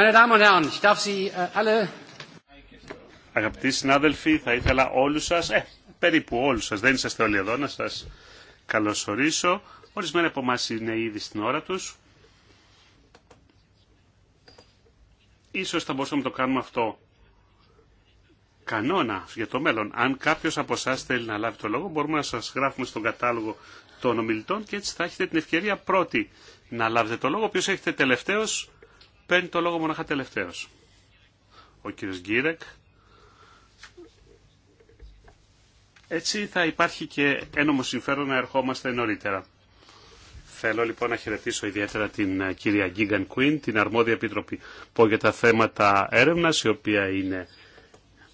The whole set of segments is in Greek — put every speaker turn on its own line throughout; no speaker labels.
Äh, Αγαπητοί συνάδελφοι, θα ήθελα όλους σας, ε, περίπου όλους σας, δεν είσαστε όλοι εδώ, να σας καλωσορίσω. Ορισμένα από εμάς είναι ήδη στην ώρα τους. Ίσως θα μπορούσαμε να το κάνουμε αυτό κανόνα για το μέλλον. Αν κάποιος από εσά θέλει να λάβει το λόγο, μπορούμε να σας γράφουμε στον κατάλογο των ομιλητών και έτσι θα έχετε την ευκαιρία πρώτη να λάβετε το λόγο, ο έχετε τελευταίος παίρνει το λόγο μονάχα τελευταίος. Ο κύριος Γκίρεκ. Έτσι θα υπάρχει και ένομο συμφέρον να ερχόμαστε νωρίτερα. Θέλω λοιπόν να χαιρετήσω ιδιαίτερα την ε, κυρία Γκίγκαν Κουίν, την αρμόδια επίτροπη που για τα θέματα έρευνας, η οποία είναι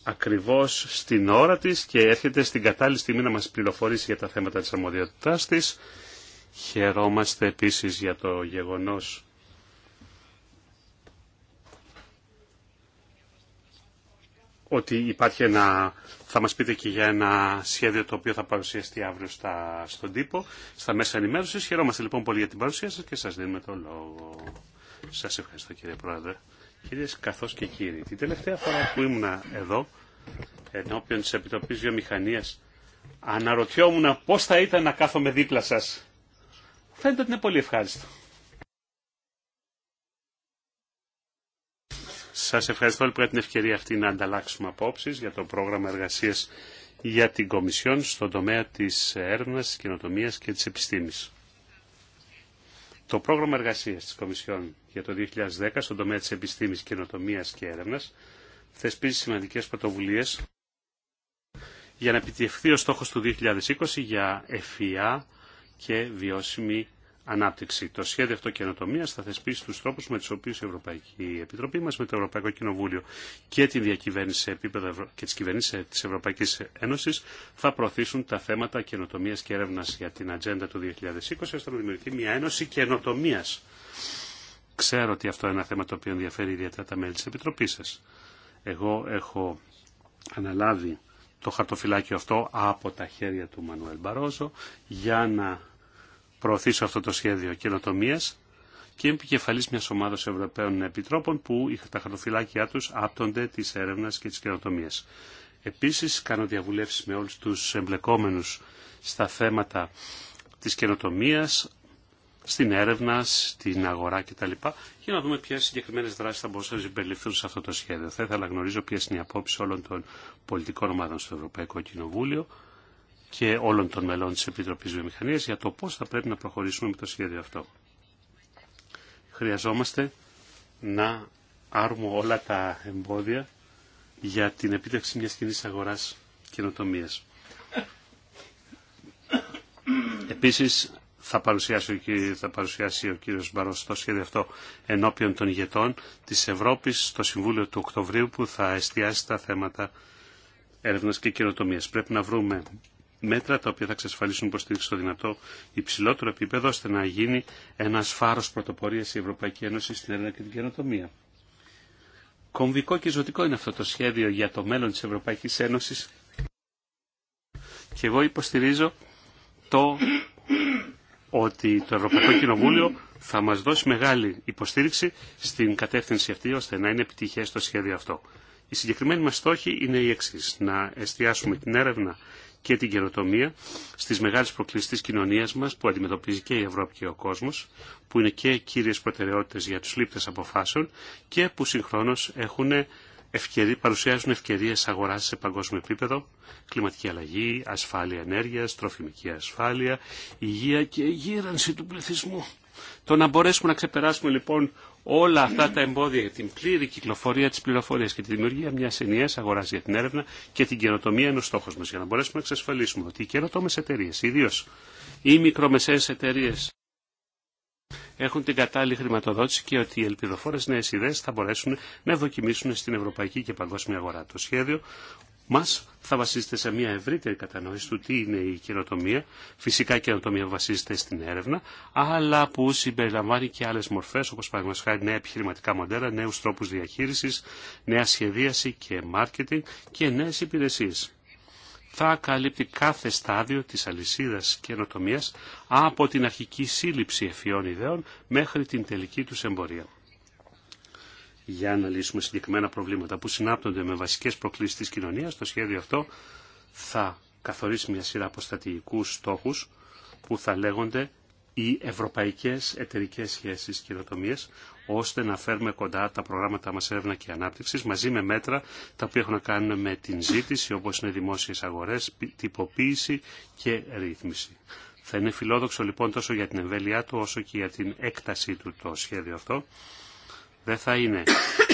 ακριβώς στην ώρα της και έρχεται στην κατάλληλη στιγμή να μας πληροφορήσει για τα θέματα της αρμοδιότητάς της. Χαιρόμαστε επίσης για το γεγονός ότι υπάρχει ένα, θα μας πείτε και για ένα σχέδιο το οποίο θα παρουσιαστεί αύριο στα, στον τύπο, στα μέσα ενημέρωσης. Χαιρόμαστε λοιπόν πολύ για την παρουσία σας και σας δίνουμε το λόγο. Σας ευχαριστώ κύριε Πρόεδρε. Κυρίες καθώς και κύριοι, την τελευταία φορά που ήμουν εδώ, ενώπιον της Επιτροπής Βιομηχανίας, αναρωτιόμουν πώς θα ήταν να κάθομαι δίπλα σας. Φαίνεται ότι είναι πολύ ευχάριστο. Σας ευχαριστώ λοιπόν για την ευκαιρία αυτή να ανταλλάξουμε απόψεις για το πρόγραμμα εργασίας για την Κομισιόν στον τομέα της έρευνας, της και της επιστήμης. Το πρόγραμμα εργασίας της Κομισιόν για το 2010 στον τομέα της επιστήμης, κοινοτομίας και έρευνας θεσπίζει σημαντικές πρωτοβουλίες για να επιτευχθεί ο στόχος του 2020 για ευφυά και βιώσιμη ανάπτυξη. Το σχέδιο αυτό καινοτομία θα θεσπίσει του τρόπου με του οποίου η Ευρωπαϊκή Επιτροπή μα, με το Ευρωπαϊκό Κοινοβούλιο και την διακυβέρνηση σε επίπεδο Ευρω... και τι κυβερνήσει ε, τη Ευρωπαϊκή Ένωση θα προωθήσουν τα θέματα καινοτομία και έρευνα για την ατζέντα του 2020, ώστε να δημιουργηθεί μια ένωση καινοτομία. Ξέρω ότι αυτό είναι ένα θέμα το οποίο ενδιαφέρει ιδιαίτερα τα μέλη τη Επιτροπή σα. Εγώ έχω αναλάβει το χαρτοφυλάκιο αυτό από τα χέρια του Μανουέλ Μπαρόζο για να προωθήσω αυτό το σχέδιο καινοτομία και είμαι επικεφαλή μια ομάδα Ευρωπαίων Επιτρόπων που τα χαρτοφυλάκια του άπτονται τη έρευνα και τη καινοτομία. Επίση, κάνω διαβουλεύσει με όλου του εμπλεκόμενου στα θέματα τη καινοτομία, στην έρευνα, στην αγορά κτλ. για να δούμε ποιε συγκεκριμένε δράσει θα μπορούσαν να συμπεριληφθούν σε αυτό το σχέδιο. Θα ήθελα να γνωρίζω ποιε είναι οι απόψει όλων των πολιτικών ομάδων στο Ευρωπαϊκό Κοινοβούλιο και όλων των μελών της Επιτροπής Βιομηχανίας για το πώς θα πρέπει να προχωρήσουμε με το σχέδιο αυτό. Χρειαζόμαστε να άρουμε όλα τα εμπόδια για την επίτευξη μιας κοινή αγοράς καινοτομία. Επίσης, θα παρουσιάσει, ο κύριος, θα παρουσιάσει ο κύριος Μπαρός το σχέδιο αυτό ενώπιον των ηγετών της Ευρώπης στο Συμβούλιο του Οκτωβρίου που θα εστιάσει τα θέματα έρευνας και καινοτομίας. Πρέπει να βρούμε μέτρα τα οποία θα εξασφαλίσουν υποστήριξη στο δυνατό υψηλότερο επίπεδο ώστε να γίνει ένας φάρος πρωτοπορίας η Ευρωπαϊκή Ένωση στην έρευνα και την καινοτομία. Κομβικό και ζωτικό είναι αυτό το σχέδιο για το μέλλον της Ευρωπαϊκής Ένωσης και εγώ υποστηρίζω το ότι το Ευρωπαϊκό Κοινοβούλιο θα μας δώσει μεγάλη υποστήριξη στην κατεύθυνση αυτή ώστε να είναι επιτυχές το σχέδιο αυτό. Η συγκεκριμένη μας στόχη είναι η εξή. Να εστιάσουμε την έρευνα και την καινοτομία στις μεγάλες προκλήσεις της κοινωνίας μας που αντιμετωπίζει και η Ευρώπη και ο κόσμος, που είναι και κύριες προτεραιότητες για τους λήπτες αποφάσεων και που συγχρόνως έχουν παρουσιάζουν ευκαιρίες αγοράς σε παγκόσμιο επίπεδο, κλιματική αλλαγή, ασφάλεια ενέργειας, τροφιμική ασφάλεια, υγεία και γύρανση του πληθυσμού. Το να μπορέσουμε να ξεπεράσουμε λοιπόν όλα αυτά τα εμπόδια για την πλήρη κυκλοφορία τη πληροφορία και τη δημιουργία μια ενιαίας αγορά για την έρευνα και την καινοτομία είναι ο στόχο μα. για να μπορέσουμε να εξασφαλίσουμε ότι οι καινοτόμε εταιρείε, ιδίω οι μικρομεσαίε εταιρείε έχουν την κατάλληλη χρηματοδότηση και ότι οι ελπιδοφόρε νέε ιδέε θα μπορέσουν να δοκιμήσουν στην ευρωπαϊκή και παγκόσμια αγορά. Το σχέδιο μας θα βασίζεται σε μια ευρύτερη κατανόηση του τι είναι η καινοτομία. Φυσικά η καινοτομία βασίζεται στην έρευνα, αλλά που συμπεριλαμβάνει και άλλες μορφές, όπως παραδείγματος χάρη νέα επιχειρηματικά μοντέλα, νέους τρόπους διαχείρισης, νέα σχεδίαση και μάρκετινγκ και νέες υπηρεσίες. Θα καλύπτει κάθε στάδιο της αλυσίδας καινοτομίας από την αρχική σύλληψη εφιών ιδεών μέχρι την τελική του εμπορία για να λύσουμε συγκεκριμένα προβλήματα που συνάπτονται με βασικές προκλήσεις της κοινωνίας. Το σχέδιο αυτό θα καθορίσει μια σειρά από στρατηγικούς στόχους που θα λέγονται οι ευρωπαϊκές σχέσει σχέσεις καινοτομίες, ώστε να φέρουμε κοντά τα προγράμματα μας έρευνα και ανάπτυξη μαζί με μέτρα τα οποία έχουν να κάνουν με την ζήτηση, όπως είναι δημόσιες αγορές, τυποποίηση και ρύθμιση. Θα είναι φιλόδοξο λοιπόν τόσο για την εμβέλειά του όσο και για την έκτασή του το σχέδιο αυτό δεν θα είναι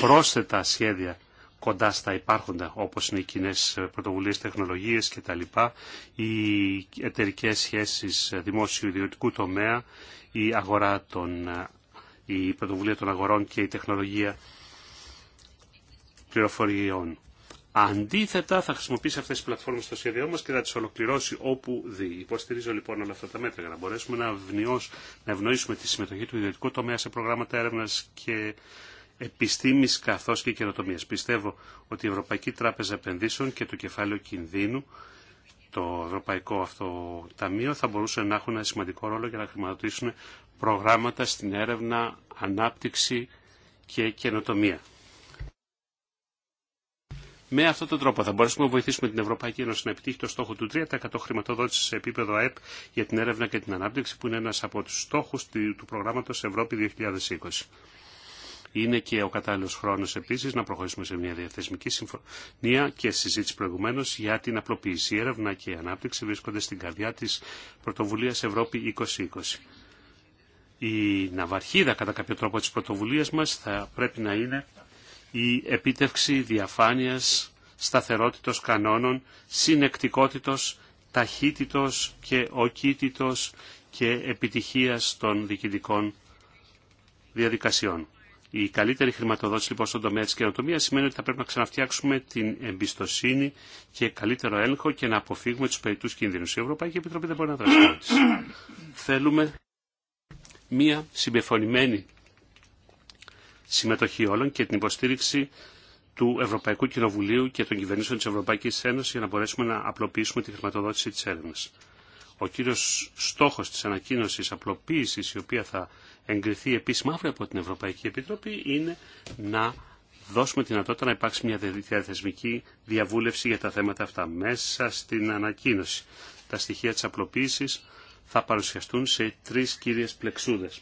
πρόσθετα σχέδια κοντά στα υπάρχοντα, όπως είναι οι κοινέ πρωτοβουλίες τεχνολογίες λοιπά, οι εταιρικέ σχέσεις δημόσιο-ιδιωτικού τομέα, η, αγορά των, η πρωτοβουλία των αγορών και η τεχνολογία πληροφοριών. Αντίθετα, θα χρησιμοποιήσει αυτέ τι πλατφόρμε στο σχέδιό μα και θα τι ολοκληρώσει όπου δει. Υποστηρίζω λοιπόν όλα αυτά τα μέτρα για να μπορέσουμε να, να ευνοήσουμε τη συμμετοχή του ιδιωτικού τομέα σε προγράμματα έρευνα και επιστήμη καθώ και καινοτομία. Πιστεύω ότι η Ευρωπαϊκή Τράπεζα Επενδύσεων και το κεφάλαιο κινδύνου, το Ευρωπαϊκό αυτό ταμείο, θα μπορούσαν να έχουν ένα σημαντικό ρόλο για να χρηματοδοτήσουν προγράμματα στην έρευνα, ανάπτυξη και καινοτομία. Με αυτόν τον τρόπο θα μπορέσουμε να βοηθήσουμε την Ευρωπαϊκή Ένωση να επιτύχει το στόχο του 3% χρηματοδότηση σε επίπεδο ΑΕΠ για την έρευνα και την ανάπτυξη, που είναι ένα από του στόχου του προγράμματο Ευρώπη 2020. Είναι και ο κατάλληλο χρόνο επίση να προχωρήσουμε σε μια διαθεσμική συμφωνία και συζήτηση προηγουμένω για την απλοποίηση. έρευνα και η ανάπτυξη βρίσκονται στην καρδιά τη πρωτοβουλία Ευρώπη 2020. Η ναυαρχίδα κατά κάποιο τρόπο τη πρωτοβουλία μα θα πρέπει να είναι η επίτευξη διαφάνειας, σταθερότητος κανόνων, συνεκτικότητος, ταχύτητος και οκίτητος και επιτυχίας των διοικητικών διαδικασιών. Η καλύτερη χρηματοδότηση λοιπόν στον τομέα της καινοτομία σημαίνει ότι θα πρέπει να ξαναφτιάξουμε την εμπιστοσύνη και καλύτερο έλεγχο και να αποφύγουμε τους περιττούς κινδύνους. Η Ευρωπαϊκή Επιτροπή δεν μπορεί να δραστηριοποιήσει. Θέλουμε μία συμπεφωνημένη συμμετοχή όλων και την υποστήριξη του Ευρωπαϊκού Κοινοβουλίου και των κυβερνήσεων της Ευρωπαϊκής Ένωσης για να μπορέσουμε να απλοποιήσουμε τη χρηματοδότηση της έρευνας. Ο κύριος στόχος της ανακοίνωσης απλοποίησης, η οποία θα εγκριθεί επίσημα αύριο από την Ευρωπαϊκή Επιτροπή, είναι να δώσουμε τη δυνατότητα να υπάρξει μια διαθεσμική διαβούλευση για τα θέματα αυτά. Μέσα στην ανακοίνωση τα στοιχεία της απλοποίηση θα παρουσιαστούν σε τρει κύριες πλεξούδες.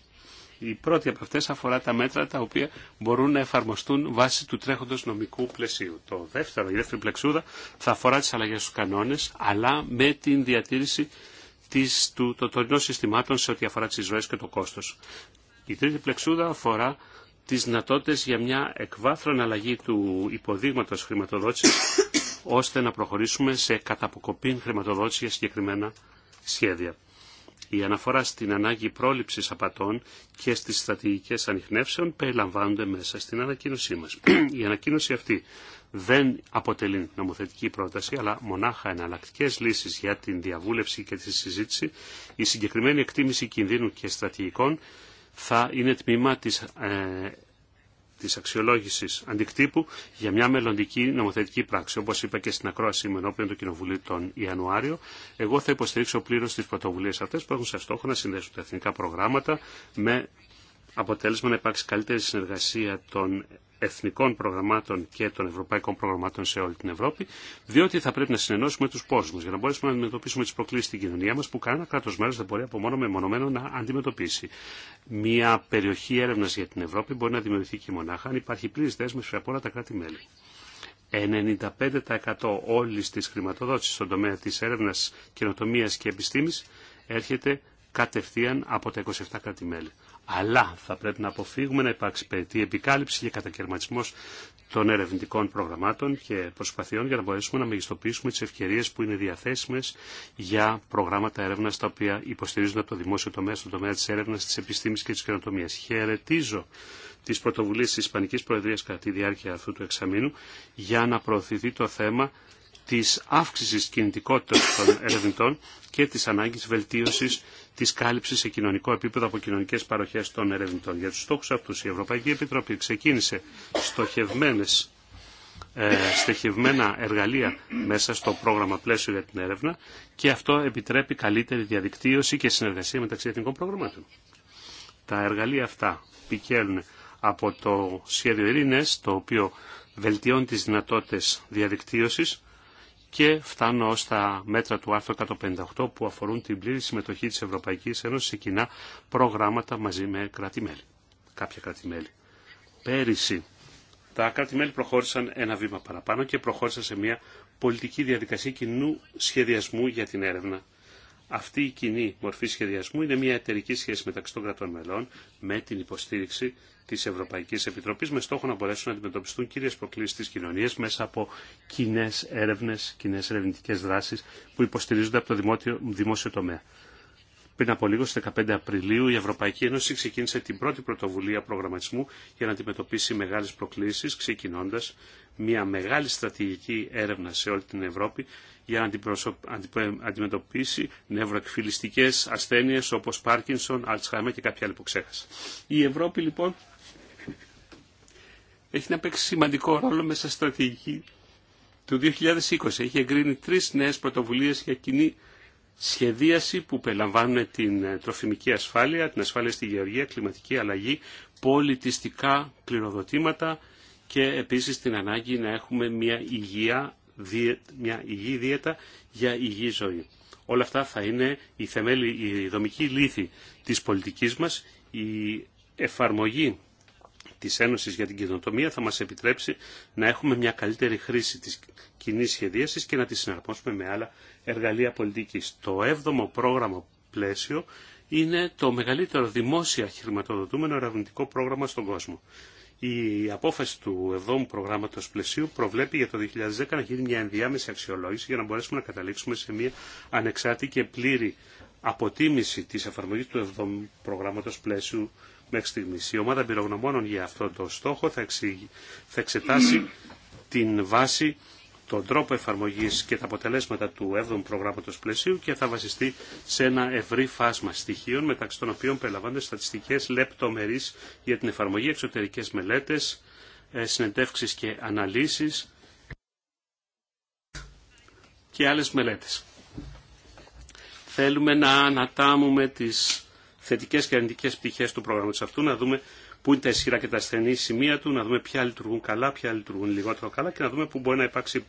Η πρώτη από αυτές αφορά τα μέτρα τα οποία μπορούν να εφαρμοστούν βάσει του τρέχοντος νομικού πλαισίου. Το δεύτερο, η δεύτερη πλεξούδα θα αφορά τις αλλαγές στους κανόνες, αλλά με την διατήρηση της, του, των τωρινών συστημάτων σε ό,τι αφορά τις ζωές και το κόστος. Η τρίτη πλεξούδα αφορά τις δυνατότητε για μια εκβάθρον αλλαγή του υποδείγματος χρηματοδότησης, ώστε να προχωρήσουμε σε καταποκοπή χρηματοδότηση για συγκεκριμένα σχέδια. Η αναφορά στην ανάγκη πρόληψης απατών και στις στρατηγικές ανιχνεύσεων περιλαμβάνονται μέσα στην ανακοίνωσή μας. Η ανακοίνωση αυτή δεν αποτελεί νομοθετική πρόταση, αλλά μονάχα εναλλακτικέ λύσεις για την διαβούλευση και τη συζήτηση. Η συγκεκριμένη εκτίμηση κινδύνου και στρατηγικών θα είναι τμήμα της ε, τη αξιολόγηση αντικτύπου για μια μελλοντική νομοθετική πράξη. Όπως είπα και στην ακρόαση με ενώπιον του Κοινοβουλίου τον Ιανουάριο, εγώ θα υποστηρίξω πλήρως τι πρωτοβουλίε αυτές που έχουν σε στόχο να συνδέσουν τα εθνικά προγράμματα με αποτέλεσμα να υπάρξει καλύτερη συνεργασία των εθνικών προγραμμάτων και των ευρωπαϊκών προγραμμάτων σε όλη την Ευρώπη, διότι θα πρέπει να συνενώσουμε του πόρου μα για να μπορέσουμε να αντιμετωπίσουμε τι προκλήσει στην κοινωνία μα που κανένα κράτο μέλο δεν μπορεί από μόνο μεμονωμένο να αντιμετωπίσει. Μια περιοχή έρευνα για την Ευρώπη μπορεί να δημιουργηθεί και μονάχα αν υπάρχει πλήρη δέσμευση από όλα τα κράτη-μέλη. 95% όλη τη χρηματοδότηση στον τομέα τη έρευνα, καινοτομία και επιστήμη έρχεται κατευθείαν από τα 27 κράτη-μέλη. Αλλά θα πρέπει να αποφύγουμε να υπάρξει περιττή επικάλυψη και κατακαιρματισμό των ερευνητικών προγραμμάτων και προσπαθειών για να μπορέσουμε να μεγιστοποιήσουμε τι ευκαιρίε που είναι διαθέσιμε για προγράμματα έρευνα τα οποία υποστηρίζουν από το δημόσιο τομέα στον τομέα τη έρευνα, τη επιστήμη και τη καινοτομία. Χαιρετίζω τι πρωτοβουλίε τη Ισπανική Προεδρία κατά τη διάρκεια αυτού του εξαμήνου για να προωθηθεί το θέμα της αύξησης κινητικότητας των ερευνητών και της ανάγκης βελτίωσης της κάλυψης σε κοινωνικό επίπεδο από κοινωνικές παροχές των ερευνητών. Για τους στόχους αυτούς η Ευρωπαϊκή Επιτροπή ξεκίνησε στοχευμένες ε, στοχευμένα εργαλεία μέσα στο πρόγραμμα πλαίσιο για την έρευνα και αυτό επιτρέπει καλύτερη διαδικτύωση και συνεργασία μεταξύ εθνικών προγραμμάτων. Τα εργαλεία αυτά πηγαίνουν από το σχέδιο Ειρήνες, το οποίο βελτιώνει τις δυνατότητες διαδικτύωσης και φτάνω στα μέτρα του άρθρου 158 που αφορούν την πλήρη συμμετοχή της Ευρωπαϊκής Ένωσης σε κοινά προγράμματα μαζί με κράτη-μέλη. Κάποια κράτη-μέλη. Πέρυσι τα κράτη-μέλη προχώρησαν ένα βήμα παραπάνω και προχώρησαν σε μια πολιτική διαδικασία κοινού σχεδιασμού για την έρευνα αυτή η κοινή μορφή σχεδιασμού είναι μια εταιρική σχέση μεταξύ των κρατών μελών με την υποστήριξη τη Ευρωπαϊκή Επιτροπή με στόχο να μπορέσουν να αντιμετωπιστούν κύριε προκλήσει τη κοινωνία μέσα από κοινέ έρευνε, κοινέ ερευνητικέ δράσει που υποστηρίζονται από το δημόσιο τομέα. Πριν από λίγο, στι 15 Απριλίου, η Ευρωπαϊκή Ένωση ξεκίνησε την πρώτη πρωτοβουλία προγραμματισμού για να αντιμετωπίσει μεγάλε προκλήσει, ξεκινώντα μια μεγάλη στρατηγική έρευνα σε όλη την Ευρώπη για να αντιμετωπίσει νευροεκφυλιστικές ασθένειες όπως Πάρκινσον, Alzheimer και κάποια άλλη που ξέχασα. Η Ευρώπη λοιπόν έχει να παίξει σημαντικό ρόλο μέσα στη στρατηγική του 2020. Έχει εγκρίνει τρεις νέες πρωτοβουλίες για κοινή σχεδίαση που περιλαμβάνουν την ε, τροφιμική ασφάλεια, την ασφάλεια στη γεωργία, κλιματική αλλαγή, πολιτιστικά κληροδοτήματα και επίσης την ανάγκη να έχουμε μια υγεία μια υγιή δίαιτα για υγιή ζωή. Όλα αυτά θα είναι η, θεμέλη, η δομική λύθη της πολιτικής μας, η εφαρμογή της Ένωσης για την Κοινοτομία θα μας επιτρέψει να έχουμε μια καλύτερη χρήση της κοινή σχεδίασης και να τη συναρμόσουμε με άλλα εργαλεία πολιτικής. Το 7ο πρόγραμμα πλαίσιο είναι το μεγαλύτερο δημόσια χρηματοδοτούμενο ερευνητικό πρόγραμμα στον κόσμο. Η απόφαση του 7ου προγράμματος πλαισίου προβλέπει για το 2010 να γίνει μια ενδιάμεση αξιολόγηση για να μπορέσουμε να καταλήξουμε σε μια ανεξάρτητη και πλήρη αποτίμηση της εφαρμογής του 7ου προγράμματος πλαίσιου μέχρι στιγμής. Η ομάδα πυρογνωμόνων για αυτό το στόχο θα, θα εξετάσει την βάση τον τρόπο εφαρμογής και τα αποτελέσματα του 7ου προγράμματος πλαισίου και θα βασιστεί σε ένα ευρύ φάσμα στοιχείων μεταξύ των οποίων περιλαμβάνονται στατιστικές λεπτομερείς για την εφαρμογή εξωτερικές μελέτες, ε, συνεντεύξεις και αναλύσεις και άλλες μελέτες. Θέλουμε να ανατάμουμε τις θετικές και αρνητικές πτυχές του προγράμματος αυτού, να δούμε πού είναι τα ισχυρά και τα ασθενή σημεία του, να δούμε ποια λειτουργούν καλά, ποια λειτουργούν λιγότερο καλά και να δούμε πού μπορεί να υπάρξει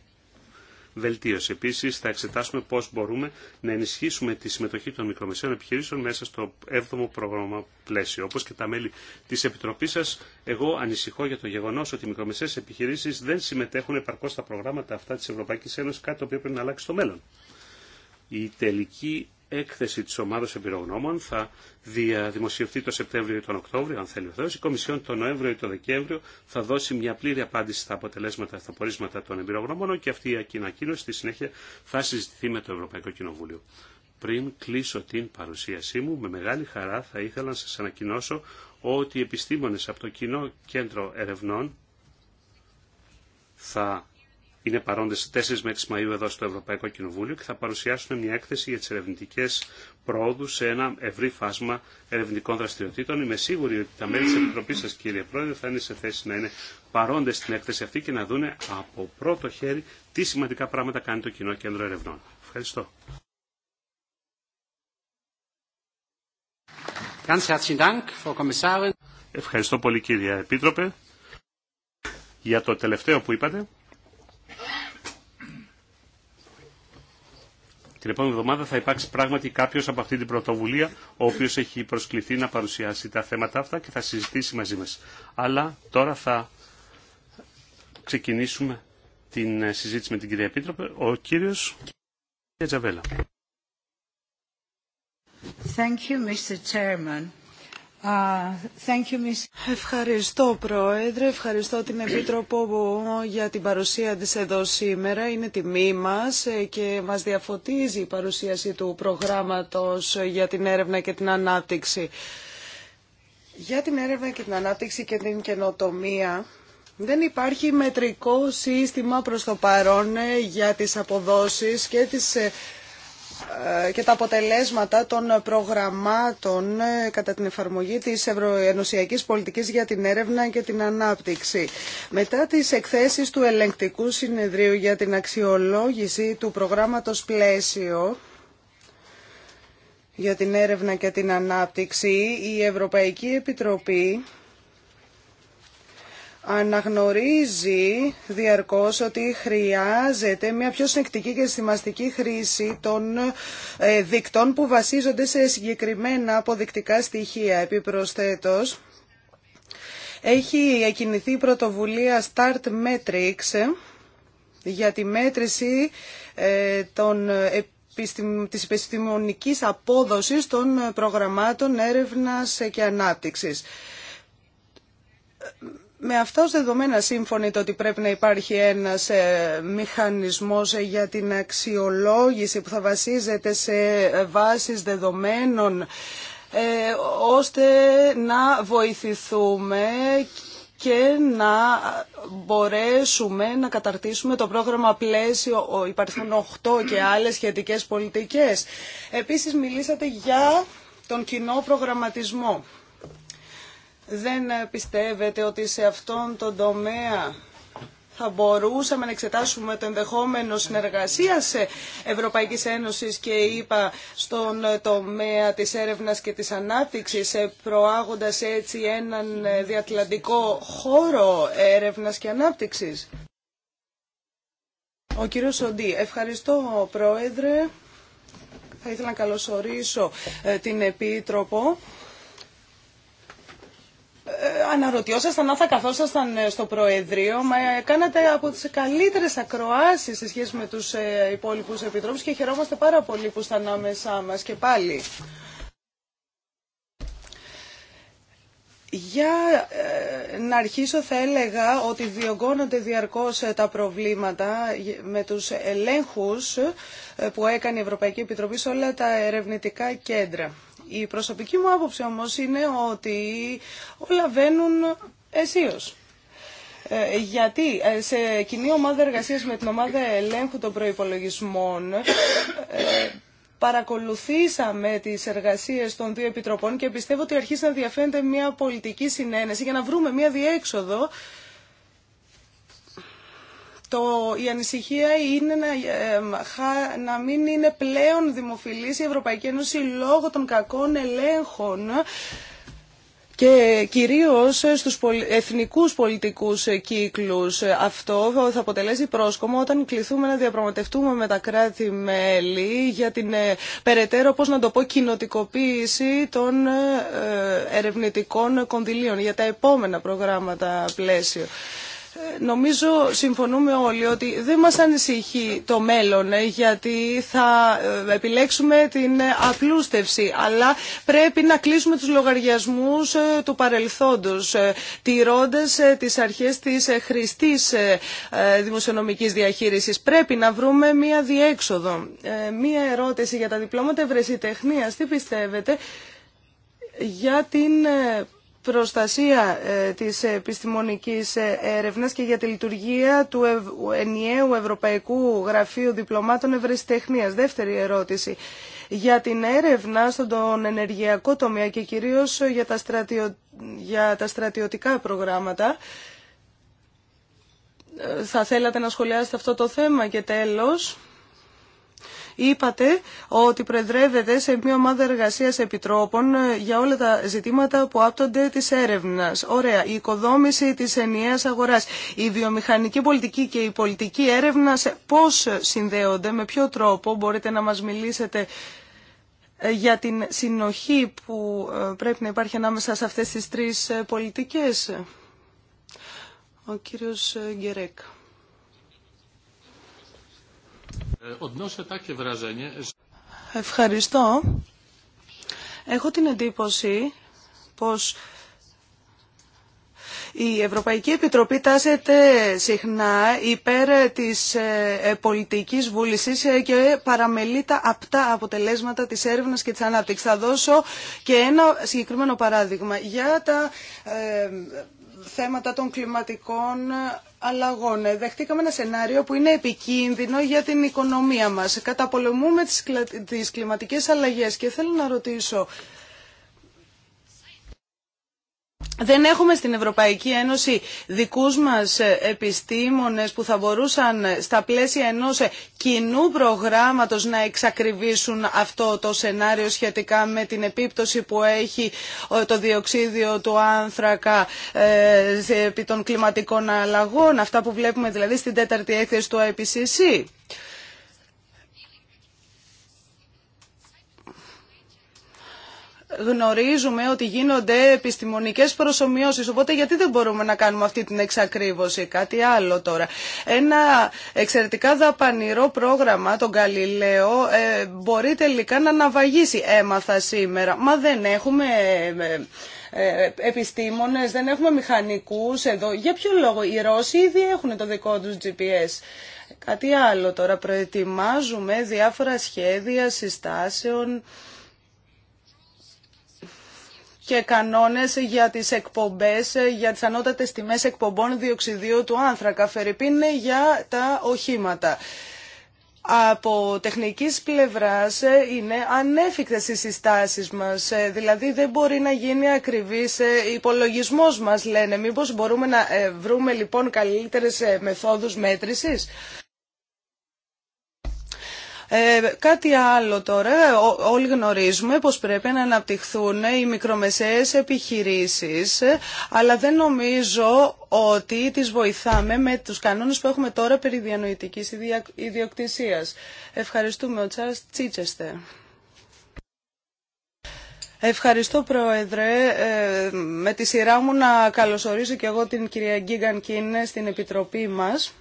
βελτίωση. Επίση, θα εξετάσουμε πώ μπορούμε να ενισχύσουμε τη συμμετοχή των μικρομεσαίων επιχειρήσεων μέσα στο 7ο πρόγραμμα πλαίσιο. Όπω και τα μέλη τη Επιτροπή σα, εγώ ανησυχώ για το γεγονό ότι οι μικρομεσαίε επιχειρήσει δεν συμμετέχουν επαρκώ στα προγράμματα αυτά τη Ευρωπαϊκή Ένωση, κάτι το οποίο πρέπει να αλλάξει στο μέλλον. Η τελική έκθεση της ομάδας εμπειρογνώμων θα δημοσιευτεί το Σεπτέμβριο ή τον Οκτώβριο, αν θέλει ο Θεός. Η Κομισιόν τον Νοέμβριο ή τον Δεκέμβριο θα δώσει μια πλήρη απάντηση στα αποτελέσματα, στα πορίσματα των εμπειρογνώμων και αυτή η κομισιον το στη το δεκεμβριο θα συζητηθεί με το Ευρωπαϊκό Κοινοβούλιο. Πριν κλείσω την παρουσίασή μου, με μεγάλη χαρά θα ήθελα να σας ανακοινώσω ότι οι επιστήμονες από το Κοινό Κέντρο Ερευνών θα είναι παρόντες 4 με 6 Μαΐου εδώ στο Ευρωπαϊκό Κοινοβούλιο και θα παρουσιάσουν μια έκθεση για τι ερευνητικέ προόδου σε ένα ευρύ φάσμα ερευνητικών δραστηριοτήτων. Είμαι σίγουρη ότι τα μέλη τη Επιτροπή σα, κύριε Πρόεδρε, θα είναι σε θέση να είναι παρόντε στην έκθεση αυτή και να δούνε από πρώτο χέρι τι σημαντικά πράγματα κάνει το Κοινό Κέντρο Ερευνών. Ευχαριστώ. Ευχαριστώ πολύ κύριε Επίτροπε για το τελευταίο που είπατε. Την επόμενη εβδομάδα θα υπάρξει πράγματι κάποιο από αυτή την πρωτοβουλία, ο οποίο έχει προσκληθεί να παρουσιάσει τα θέματα αυτά και θα συζητήσει μαζί μα. Αλλά τώρα θα ξεκινήσουμε την ε, συζήτηση με την κυρία Επίτροπε. Ο κύριο Τζαβέλα.
Thank you, Mr. Chairman. Ευχαριστώ Πρόεδρε, ευχαριστώ την Επίτροπο για την παρουσία της εδώ σήμερα. Είναι τιμή μας ε, και μας διαφωτίζει η παρουσίαση του προγράμματος για την έρευνα και την ανάπτυξη. Για την έρευνα και την ανάπτυξη και την καινοτομία δεν υπάρχει μετρικό σύστημα προς το παρόν ε, για τις αποδόσεις και τις ε, ε, και τα αποτελέσματα των προγραμμάτων ε, κατά την εφαρμογή της Ευρωενωσιακής Πολιτικής για την Έρευνα και την Ανάπτυξη. Μετά τις εκθέσεις του Ελεγκτικού Συνεδρίου για την αξιολόγηση του προγράμματος πλαίσιο για την έρευνα και την ανάπτυξη, η Ευρωπαϊκή Επιτροπή αναγνωρίζει διαρκώς ότι χρειάζεται μια πιο συνεκτική και συστηματική χρήση των ε, δικτών που βασίζονται σε συγκεκριμένα αποδεικτικά στοιχεία. Επιπροσθέτως, έχει εκκινηθεί η πρωτοβουλία Start Metrics ε, για τη μέτρηση ε, των της επιστημονικής απόδοσης των προγραμμάτων έρευνας και ανάπτυξης με αυτά ως δεδομένα σύμφωνη το ότι πρέπει να υπάρχει ένας ε, μηχανισμός για την αξιολόγηση που θα βασίζεται σε ε, βάσεις δεδομένων ε, ώστε να βοηθηθούμε και να μπορέσουμε να καταρτήσουμε το πρόγραμμα πλαίσιο υπάρχουν 8 και άλλες σχετικές πολιτικές. Επίσης μιλήσατε για τον κοινό προγραμματισμό. Δεν πιστεύετε ότι σε αυτόν τον τομέα θα μπορούσαμε να εξετάσουμε το ενδεχόμενο συνεργασία Ευρωπαϊκή Ένωσης και είπα στον τομέα της έρευνας και της ανάπτυξης ε, προάγοντας έτσι έναν διατλαντικό χώρο έρευνας και ανάπτυξης. Ο κύριος Σοντή, ευχαριστώ Πρόεδρε. Θα ήθελα να καλωσορίσω ε, την Επίτροπο αναρωτιόσασταν αν θα καθόσασταν ε, στο Προεδρείο. Μα ε, κάνατε από τις καλύτερες ακροάσει σε σχέση με τους ε, υπόλοιπου επιτρόπους και χαιρόμαστε πάρα πολύ που ήταν άμεσά μας και πάλι. Για να αρχίσω θα έλεγα ότι διωγγώνονται διαρκώς τα προβλήματα με τους ελέγχους που έκανε η Ευρωπαϊκή Επιτροπή σε όλα τα ερευνητικά κέντρα. Η προσωπική μου άποψη όμως είναι ότι όλα βαίνουν αισίως. Ε, γιατί ε, σε κοινή ομάδα εργασίας με την ομάδα ελέγχου των προϋπολογισμών ε, παρακολουθήσαμε τις εργασίες των δύο επιτροπών και πιστεύω ότι αρχίζει να διαφαίνεται μια πολιτική συνένεση για να βρούμε μια διέξοδο το, η ανησυχία είναι να, να μην είναι πλέον δημοφιλής η Ευρωπαϊκή Ένωση λόγω των κακών ελέγχων και κυρίως στους εθνικούς πολιτικούς κύκλους. Αυτό θα αποτελέσει πρόσκομο όταν κληθούμε να διαπραγματευτούμε με τα κράτη-μέλη για την ε, περαιτέρω, πώς να το πω, κοινοτικοποίηση των ε, ε, ερευνητικών κονδυλίων για τα επόμενα προγράμματα πλαίσιο. Νομίζω συμφωνούμε όλοι ότι δεν μας ανησυχεί το μέλλον ε, γιατί θα ε, επιλέξουμε την απλούστευση αλλά πρέπει να κλείσουμε τους λογαριασμούς ε, του παρελθόντος τηρώντας τις αρχές της χρηστής δημοσιονομικής διαχείρισης. Πρέπει να βρούμε μία διέξοδο. Μία ερώτηση για τα διπλώματα ευρεσιτεχνίας. Τι πιστεύετε για την προστασία ε, της επιστημονικής ε, έρευνας και για τη λειτουργία του ενιαίου Ευρωπαϊκού Γραφείου Διπλωμάτων Ευρεσιτεχνίας. Δεύτερη ερώτηση. Για την έρευνα στον ενεργειακό τομέα και κυρίως για τα, για τα στρατιωτικά προγράμματα, ε, θα θέλατε να σχολιάσετε αυτό το θέμα και τέλος. Είπατε ότι προεδρεύεται σε μια ομάδα εργασία επιτρόπων ε, για όλα τα ζητήματα που άπτονται της έρευνα. Ωραία. Η οικοδόμηση της ενιαίας αγοράς, η βιομηχανική πολιτική και η πολιτική έρευνα πώς συνδέονται, με ποιο τρόπο μπορείτε να μας μιλήσετε ε, για την συνοχή που ε, πρέπει να υπάρχει ανάμεσα σε αυτές τις τρεις πολιτικές. Ο κύριος Γκέρεκ. Ευχαριστώ. Έχω την εντύπωση πως η Ευρωπαϊκή Επιτροπή τάσεται συχνά υπέρ της ε, πολιτικής βούλησης ε, και παραμελεί τα απτά αποτελέσματα της έρευνας και της ανάπτυξης. Θα δώσω και ένα συγκεκριμένο παράδειγμα για τα ε, θέματα των κλιματικών αλλαγών. Ε, δεχτήκαμε ένα σενάριο που είναι επικίνδυνο για την οικονομία μας. Καταπολεμούμε τις κλιματικές αλλαγές και θέλω να ρωτήσω δεν έχουμε στην Ευρωπαϊκή Ένωση δικούς μας ε, επιστήμονες που θα μπορούσαν ε, στα πλαίσια ενός ε, κοινού προγράμματος να εξακριβήσουν αυτό το σενάριο σχετικά με την επίπτωση που έχει το διοξίδιο του άνθρακα επί των κλιματικών αλλαγών, αυτά που βλέπουμε δηλαδή στην τέταρτη έκθεση του IPCC. γνωρίζουμε ότι γίνονται επιστημονικές προσωμιώσεις, οπότε γιατί δεν μπορούμε να κάνουμε αυτή την εξακρίβωση, κάτι άλλο τώρα. Ένα εξαιρετικά δαπανηρό πρόγραμμα, τον Καλλιλέο, ε, μπορεί τελικά να αναβαγίσει, έμαθα σήμερα, μα δεν έχουμε ε, ε, επιστήμονες, δεν έχουμε μηχανικούς εδώ. Για ποιο λόγο οι Ρώσοι ήδη έχουν το δικό τους GPS. Κάτι άλλο τώρα, προετοιμάζουμε διάφορα σχέδια συστάσεων και κανόνες για τις εκπομπές, για τις ανώτατες τιμές εκπομπών διοξιδίου του άνθρακα, φερρυπίν ναι, για τα οχήματα. Από τεχνικής πλευράς ε, είναι ανέφικτες οι συστάσεις μας, ε, δηλαδή δεν μπορεί να γίνει ακριβής ε, υπολογισμός μας λένε. Μήπως μπορούμε να βρούμε λοιπόν καλύτερες μεθόδους μέτρησης. Ε, κάτι άλλο τώρα. όλοι γνωρίζουμε πως πρέπει να αναπτυχθούν οι μικρομεσαίες επιχειρήσεις, αλλά δεν νομίζω ότι τις βοηθάμε με τους κανόνες που έχουμε τώρα περί διανοητικής ιδιοκτησίας. Ευχαριστούμε ο Τσάρας τσίτσεστε. Ευχαριστώ Πρόεδρε. Ε, με τη σειρά μου να καλωσορίσω και εγώ την κυρία Γκίγκαν Κίνε στην Επιτροπή μας.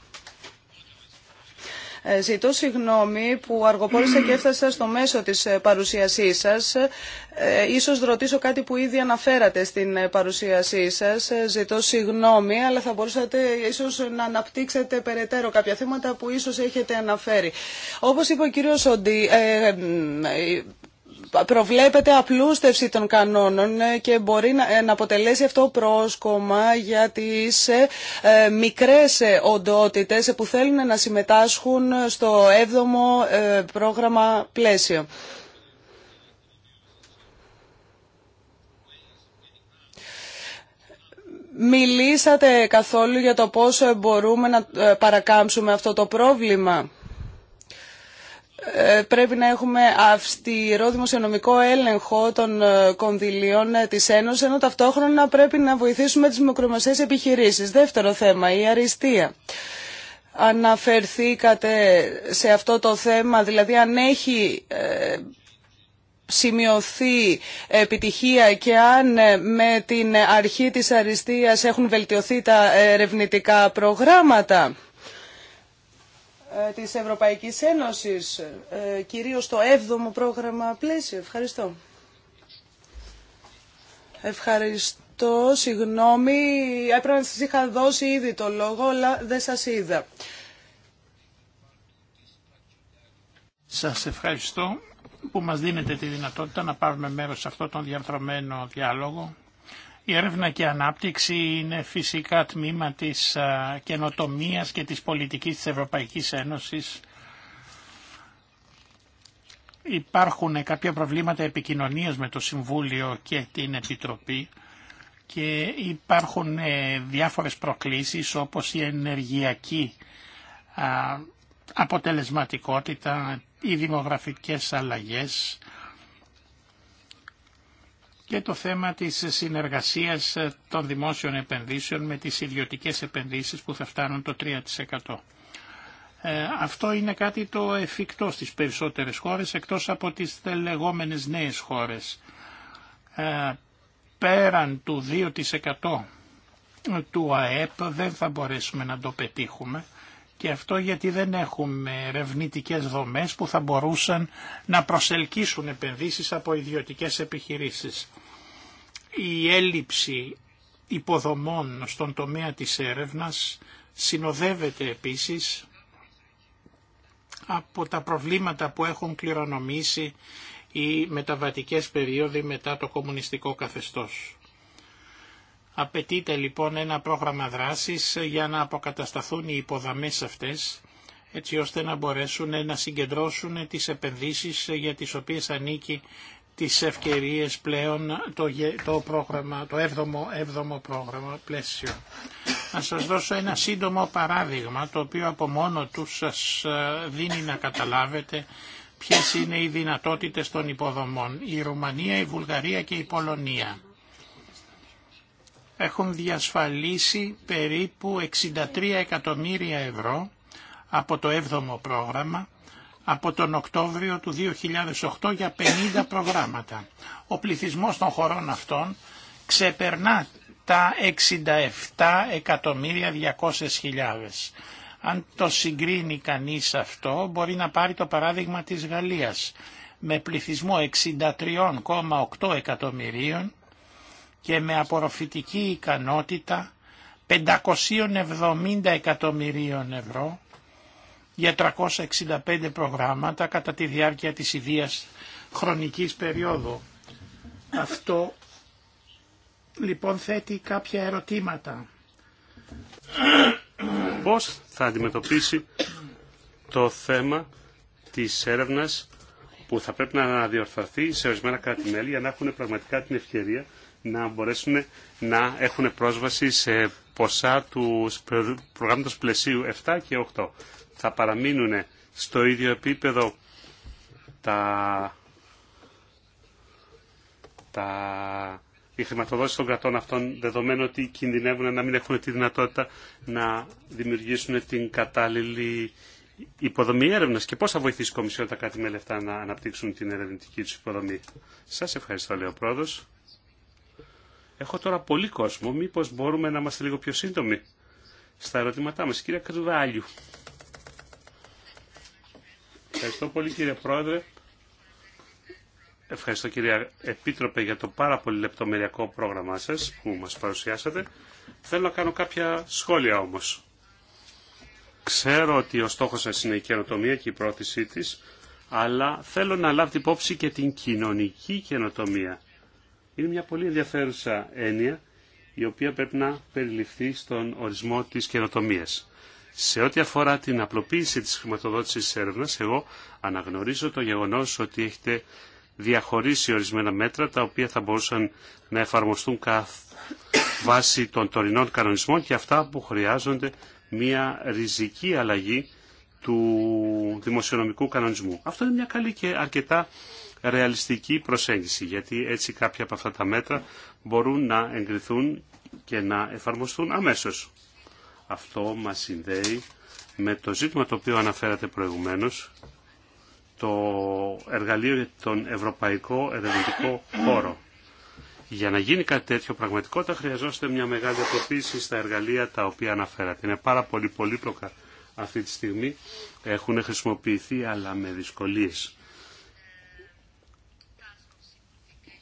Ε, ζητώ συγγνώμη που αργοπόρησα και έφτασα στο μέσο της ε, παρουσίασής σας. Ε, ίσως ρωτήσω κάτι που ήδη αναφέρατε στην παρουσίασή σας. Ζητώ συγγνώμη, αλλά θα μπορούσατε ίσως να αναπτύξετε περαιτέρω κάποια θέματα που ίσως έχετε αναφέρει. Όπως είπε ο κύριος Σοντή, προβλέπεται απλούστευση των κανόνων ε, και μπορεί ε, να αποτελέσει αυτό πρόσκομα για τις ε, μικρές οντότητες που θέλουν να συμμετάσχουν στο 7ο πρόγραμμα πλαίσιο. Μιλήσατε καθόλου για το πόσο μπορούμε να παρακάμψουμε αυτό το πρόβλημα. Ε, πρέπει να έχουμε αυστηρό δημοσιονομικό έλεγχο των ε, κονδυλίων ε, της Ένωσης, ενώ ταυτόχρονα πρέπει να βοηθήσουμε τις μικρομεσαίες επιχειρήσεις. Δεύτερο θέμα, η αριστεία. Αναφερθήκατε σε αυτό το θέμα, δηλαδή αν έχει σημειωθεί επιτυχία και αν με την αρχή της αριστείας έχουν βελτιωθεί τα ερευνητικά προγράμματα. Ε, της Ευρωπαϊκής Ένωσης, ε, κυρίως το 7ο πρόγραμμα πλαίσιο. Ευχαριστώ. Ευχαριστώ, συγγνώμη, έπρεπε να σας είχα δώσει ήδη το λόγο, αλλά δεν σας είδα.
Σας ευχαριστώ που μας δίνετε τη δυνατότητα να πάρουμε μέρος σε αυτό τον διαρθρωμένο διάλογο η έρευνα και ανάπτυξη είναι φυσικά τμήμα της καινοτομίας και της πολιτικής της Ευρωπαϊκής Ένωσης. Υπάρχουν κάποια προβλήματα επικοινωνίας με το Συμβούλιο και την Επιτροπή και υπάρχουν ε, διάφορες προκλήσεις όπως η ενεργειακή αποτελεσματικότητα, οι δημογραφικές αλλαγές, και το θέμα της συνεργασίας των δημόσιων επενδύσεων με τις ιδιωτικές επενδύσεις που θα φτάνουν το 3%. Ε, αυτό είναι κάτι το εφικτό στις περισσότερες χώρες εκτός από τις λεγόμενες νέες χώρες. Ε, πέραν του 2% του ΑΕΠ δεν θα μπορέσουμε να το πετύχουμε και αυτό γιατί δεν έχουμε ερευνητικέ δομές που θα μπορούσαν να προσελκύσουν επενδύσεις από ιδιωτικές επιχειρήσεις η έλλειψη υποδομών στον τομέα της έρευνας συνοδεύεται επίσης από τα προβλήματα που έχουν κληρονομήσει οι μεταβατικές περίοδοι μετά το κομμουνιστικό καθεστώς. Απαιτείται λοιπόν ένα πρόγραμμα δράσης για να αποκατασταθούν οι υποδαμές αυτές, έτσι ώστε να μπορέσουν να συγκεντρώσουν τις επενδύσεις για τις οποίες ανήκει τις ευκαιρίες πλέον το, το πρόγραμμα, το 7ο, 7ο πρόγραμμα πλαίσιο. Να σας δώσω ένα σύντομο παράδειγμα το οποίο από μόνο του σας ε, δίνει να καταλάβετε ποιες είναι οι δυνατότητες των υποδομών. Η Ρουμανία, η Βουλγαρία και η Πολωνία έχουν διασφαλίσει περίπου 63 εκατομμύρια ευρώ από το 7ο πρόγραμμα από τον Οκτώβριο του 2008 για 50 προγράμματα. Ο πληθυσμός των χωρών αυτών ξεπερνά τα 67.200.000. Αν το συγκρίνει κανείς αυτό μπορεί να πάρει το παράδειγμα της Γαλλίας με πληθυσμό 63,8 εκατομμυρίων και με απορροφητική ικανότητα 570 εκατομμυρίων ευρώ για 365 προγράμματα κατά τη διάρκεια της ιδίας χρονικής περίοδου. Αυτό λοιπόν θέτει κάποια ερωτήματα.
Πώς θα αντιμετωπίσει το θέμα της έρευνας που θα πρέπει να αναδιορθωθεί σε ορισμένα κράτη-μέλη για να έχουν πραγματικά την ευκαιρία να μπορέσουν να έχουν πρόσβαση σε ποσά του προγράμματος πλαισίου 7 και 8 θα παραμείνουν στο ίδιο επίπεδο τα, τα, χρηματοδότηση των κρατών αυτών, δεδομένου ότι κινδυνεύουν να μην έχουν τη δυνατότητα να δημιουργήσουν την κατάλληλη υποδομή έρευνα και πώς θα βοηθήσει η Κομισιόν τα κάτι μέλη να αναπτύξουν την ερευνητική του υποδομή. Σας ευχαριστώ, λέει ο πρόεδρος. Έχω τώρα πολύ κόσμο. Μήπως μπορούμε να είμαστε λίγο πιο σύντομοι στα ερωτήματά μας. Κύριε Κρυβάλιου. Ευχαριστώ πολύ κύριε Πρόεδρε. Ευχαριστώ κυρία Επίτροπε για το πάρα πολύ λεπτομεριακό πρόγραμμά σας που μας παρουσιάσατε. Θέλω να κάνω κάποια σχόλια όμως. Ξέρω ότι ο στόχος σας είναι η καινοτομία και η πρόθεσή της, αλλά θέλω να λάβετε υπόψη και την κοινωνική καινοτομία. Είναι μια πολύ ενδιαφέρουσα έννοια η οποία πρέπει να περιληφθεί στον ορισμό της καινοτομίας. Σε ό,τι αφορά την απλοποίηση της χρηματοδότησης της έρευνας, εγώ αναγνωρίζω το γεγονός ότι έχετε διαχωρίσει ορισμένα μέτρα τα οποία θα μπορούσαν να εφαρμοστούν καθ βάσει των τωρινών κανονισμών και αυτά που χρειάζονται μια ριζική αλλαγή του δημοσιονομικού κανονισμού. Αυτό είναι μια καλή και αρκετά ρεαλιστική προσέγγιση, γιατί έτσι κάποια από αυτά τα μέτρα μπορούν να εγκριθούν και να εφαρμοστούν αμέσως. Αυτό μας συνδέει με το ζήτημα το οποίο αναφέρατε προηγουμένως, το εργαλείο για τον Ευρωπαϊκό Ερευνητικό Χώρο. Για να γίνει κάτι τέτοιο πραγματικότητα χρειαζόμαστε μια μεγάλη αποποίηση στα εργαλεία τα οποία αναφέρατε. Είναι πάρα πολύ πολύπλοκα αυτή τη στιγμή, έχουν χρησιμοποιηθεί αλλά με δυσκολίες.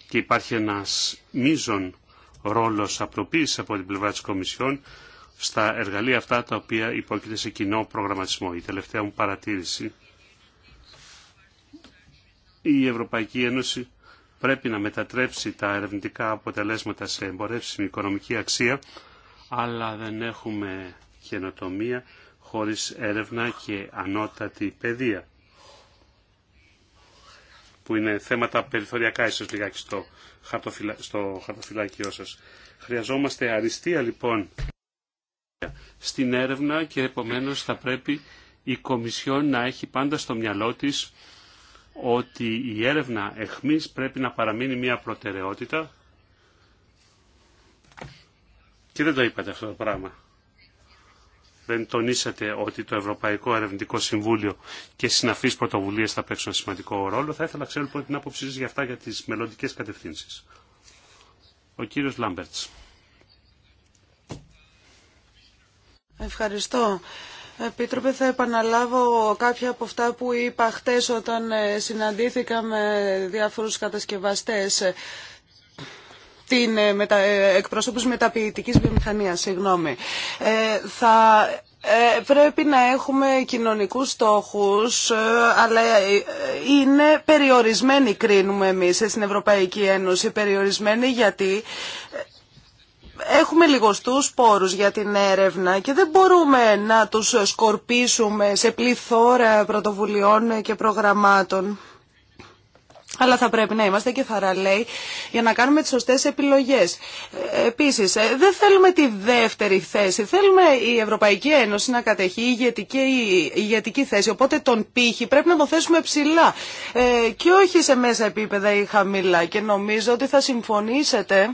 Και υπάρχει ένας μείζον ρόλος απλοποίησης από την πλευρά της Κομισιόν στα εργαλεία αυτά τα οποία υπόκειται σε κοινό προγραμματισμό. Η τελευταία μου παρατήρηση. Η Ευρωπαϊκή Ένωση πρέπει να μετατρέψει τα ερευνητικά αποτελέσματα σε εμπορεύσιμη οικονομική αξία, αλλά δεν έχουμε καινοτομία χωρίς έρευνα και ανώτατη παιδεία που είναι θέματα περιθωριακά ίσως λιγάκι στο, στο χαρτοφυλάκιό σας. Χρειαζόμαστε αριστεία λοιπόν στην έρευνα και επομένως θα πρέπει η Κομισιόν να έχει πάντα στο μυαλό της ότι η έρευνα εχμής πρέπει να παραμείνει μια προτεραιότητα και δεν το είπατε αυτό το πράγμα. Δεν τονίσατε ότι το Ευρωπαϊκό Ερευνητικό Συμβούλιο και συναφείς πρωτοβουλίες θα παίξουν σημαντικό ρόλο. Θα ήθελα να ξέρω λοιπόν την άποψή σας για αυτά για τις μελλοντικέ κατευθύνσεις. Ο κύριος Λάμπερτς.
Ευχαριστώ. Επίτροπε, θα επαναλάβω κάποια από αυτά που είπα χτες όταν ε, συναντήθηκα με διάφορους κατασκευαστές ε, την ε, μετα, εκπροσώπους μεταποιητικής βιομηχανίας. Συγγνώμη. Ε, θα πρέπει να έχουμε κοινωνικούς στόχους, αλλά είναι περιορισμένοι κρίνουμε εμείς στην Ευρωπαϊκή Ένωση. Περιορισμένοι γιατί έχουμε λιγοστούς πόρους για την έρευνα και δεν μπορούμε να τους σκορπίσουμε σε πληθώρα πρωτοβουλειών και προγραμμάτων. Αλλά θα πρέπει να είμαστε και θαραλέοι για να κάνουμε τις σωστές επιλογές. Ε, επίσης, ε, δεν θέλουμε τη δεύτερη θέση. Θέλουμε η Ευρωπαϊκή Ένωση να κατεχεί η ηγετική θέση. Οπότε τον πύχη πρέπει να το θέσουμε ψηλά ε, και όχι σε μέσα επίπεδα ή χαμηλά. Και νομίζω ότι θα συμφωνήσετε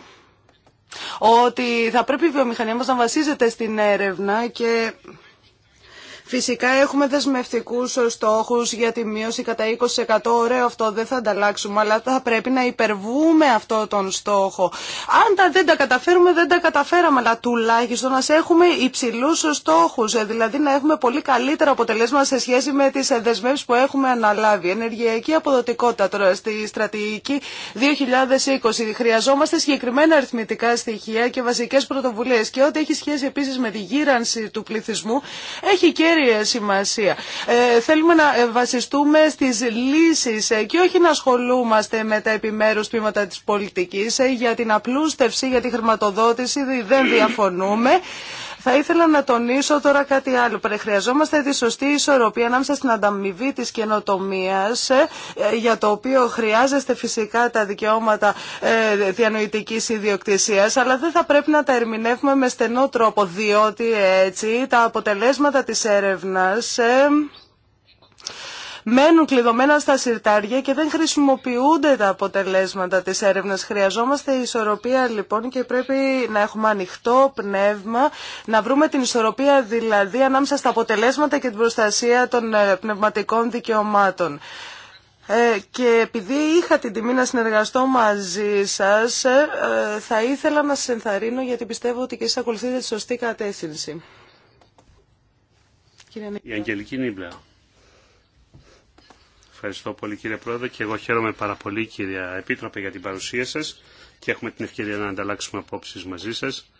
ότι θα πρέπει η βιομηχανία μας να βασίζεται στην έρευνα και Φυσικά έχουμε δεσμευτικούς στόχους για τη μείωση κατά 20%. Ωραίο αυτό, δεν θα ανταλλάξουμε, αλλά θα πρέπει να υπερβούμε αυτό τον στόχο. Αν τα δεν τα καταφέρουμε, δεν τα καταφέραμε, αλλά τουλάχιστον να έχουμε υψηλούς στόχους, ε, δηλαδή να έχουμε πολύ καλύτερα αποτελέσματα σε σχέση με τις δεσμεύσεις που έχουμε αναλάβει. Ενεργειακή αποδοτικότητα τώρα στη στρατηγική 2020. Χρειαζόμαστε συγκεκριμένα αριθμητικά στοιχεία και βασικές πρωτοβουλίε. και ό,τι έχει σχέση επίσης με τη γύρανση του πληθυσμού έχει και σημασία. Ε, θέλουμε να ε, βασιστούμε στις λύσεις ε, και όχι να ασχολούμαστε με τα επιμέρους τμήματα της πολιτικής. Ε, για την απλούστευση, για τη χρηματοδότηση δεν διαφωνούμε. Θα ήθελα να τονίσω τώρα κάτι άλλο. Χρειαζόμαστε τη σωστή ισορροπία ανάμεσα στην ανταμοιβή τη καινοτομία, ε, για το οποίο χρειάζεστε φυσικά τα δικαιώματα ε, διανοητική ιδιοκτησία, αλλά δεν θα πρέπει να τα ερμηνεύουμε με στενό τρόπο, διότι έτσι τα αποτελέσματα της έρευνας ε, μένουν κλειδωμένα στα συρτάρια και δεν χρησιμοποιούνται τα αποτελέσματα της έρευνας. Χρειαζόμαστε ισορροπία λοιπόν και πρέπει να έχουμε ανοιχτό πνεύμα, να βρούμε την ισορροπία δηλαδή ανάμεσα στα αποτελέσματα και την προστασία των ε, πνευματικών δικαιωμάτων. Ε, και επειδή είχα την τιμή να συνεργαστώ μαζί σας, ε, θα ήθελα να σας ενθαρρύνω γιατί πιστεύω ότι και εσείς ακολουθείτε τη σωστή κατεύθυνση.
Η Αγγελική Ευχαριστώ πολύ κύριε Πρόεδρε και εγώ χαίρομαι πάρα πολύ κυρία Επίτροπε για την παρουσία σας και έχουμε την ευκαιρία να ανταλλάξουμε απόψεις μαζί σας.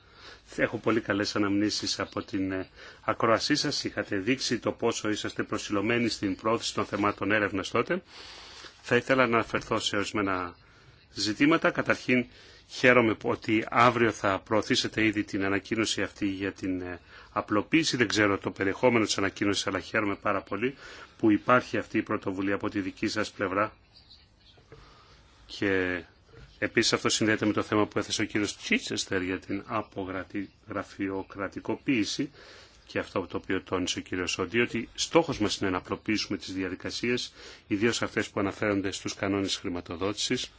Έχω πολύ καλές αναμνήσεις από την ε, ακροασή σας. Είχατε δείξει το πόσο είσαστε προσιλωμένοι στην πρόθεση των θεμάτων έρευνας τότε. Θα ήθελα να αναφερθώ σε ορισμένα ζητήματα. Καταρχήν χαίρομαι ότι αύριο θα προωθήσετε ήδη την ανακοίνωση αυτή για την ε, απλοποίηση. Δεν ξέρω το περιεχόμενο της ανακοίνωσης, αλλά χαίρομαι πάρα πολύ που υπάρχει αυτή η πρωτοβουλία από τη δική σας πλευρά και επίσης αυτό συνδέεται με το θέμα που έθεσε ο κύριος Τσίτσεστερ για την απογραφειοκρατικοποίηση και αυτό το οποίο τόνισε ο κύριος Σόντι ότι στόχος μας είναι να απλοποιήσουμε τις διαδικασίες, ιδίως αυτές που αναφέρονται στους κανόνες χρηματοδότησης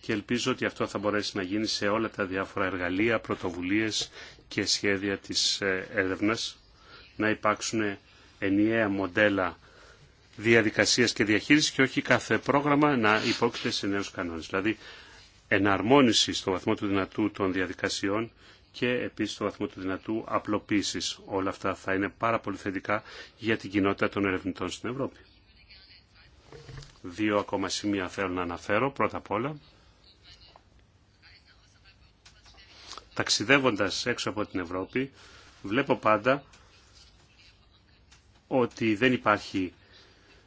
και ελπίζω ότι αυτό θα μπορέσει να γίνει σε όλα τα διάφορα εργαλεία, πρωτοβουλίες και σχέδια της ε, έρευνας να υπάρξουν ενιαία μοντέλα διαδικασίας και διαχείρισης και όχι κάθε πρόγραμμα να υπόκειται σε νέους κανόνες. Δηλαδή εναρμόνιση στο βαθμό του δυνατού των διαδικασιών και επίσης στο βαθμό του δυνατού απλοποίησης. Όλα αυτά θα είναι πάρα πολύ θετικά για την κοινότητα των ερευνητών στην Ευρώπη. Δύο ακόμα σημεία θέλω να αναφέρω. Πρώτα απ' όλα, ταξιδεύοντας έξω από την Ευρώπη, βλέπω πάντα ότι δεν υπάρχει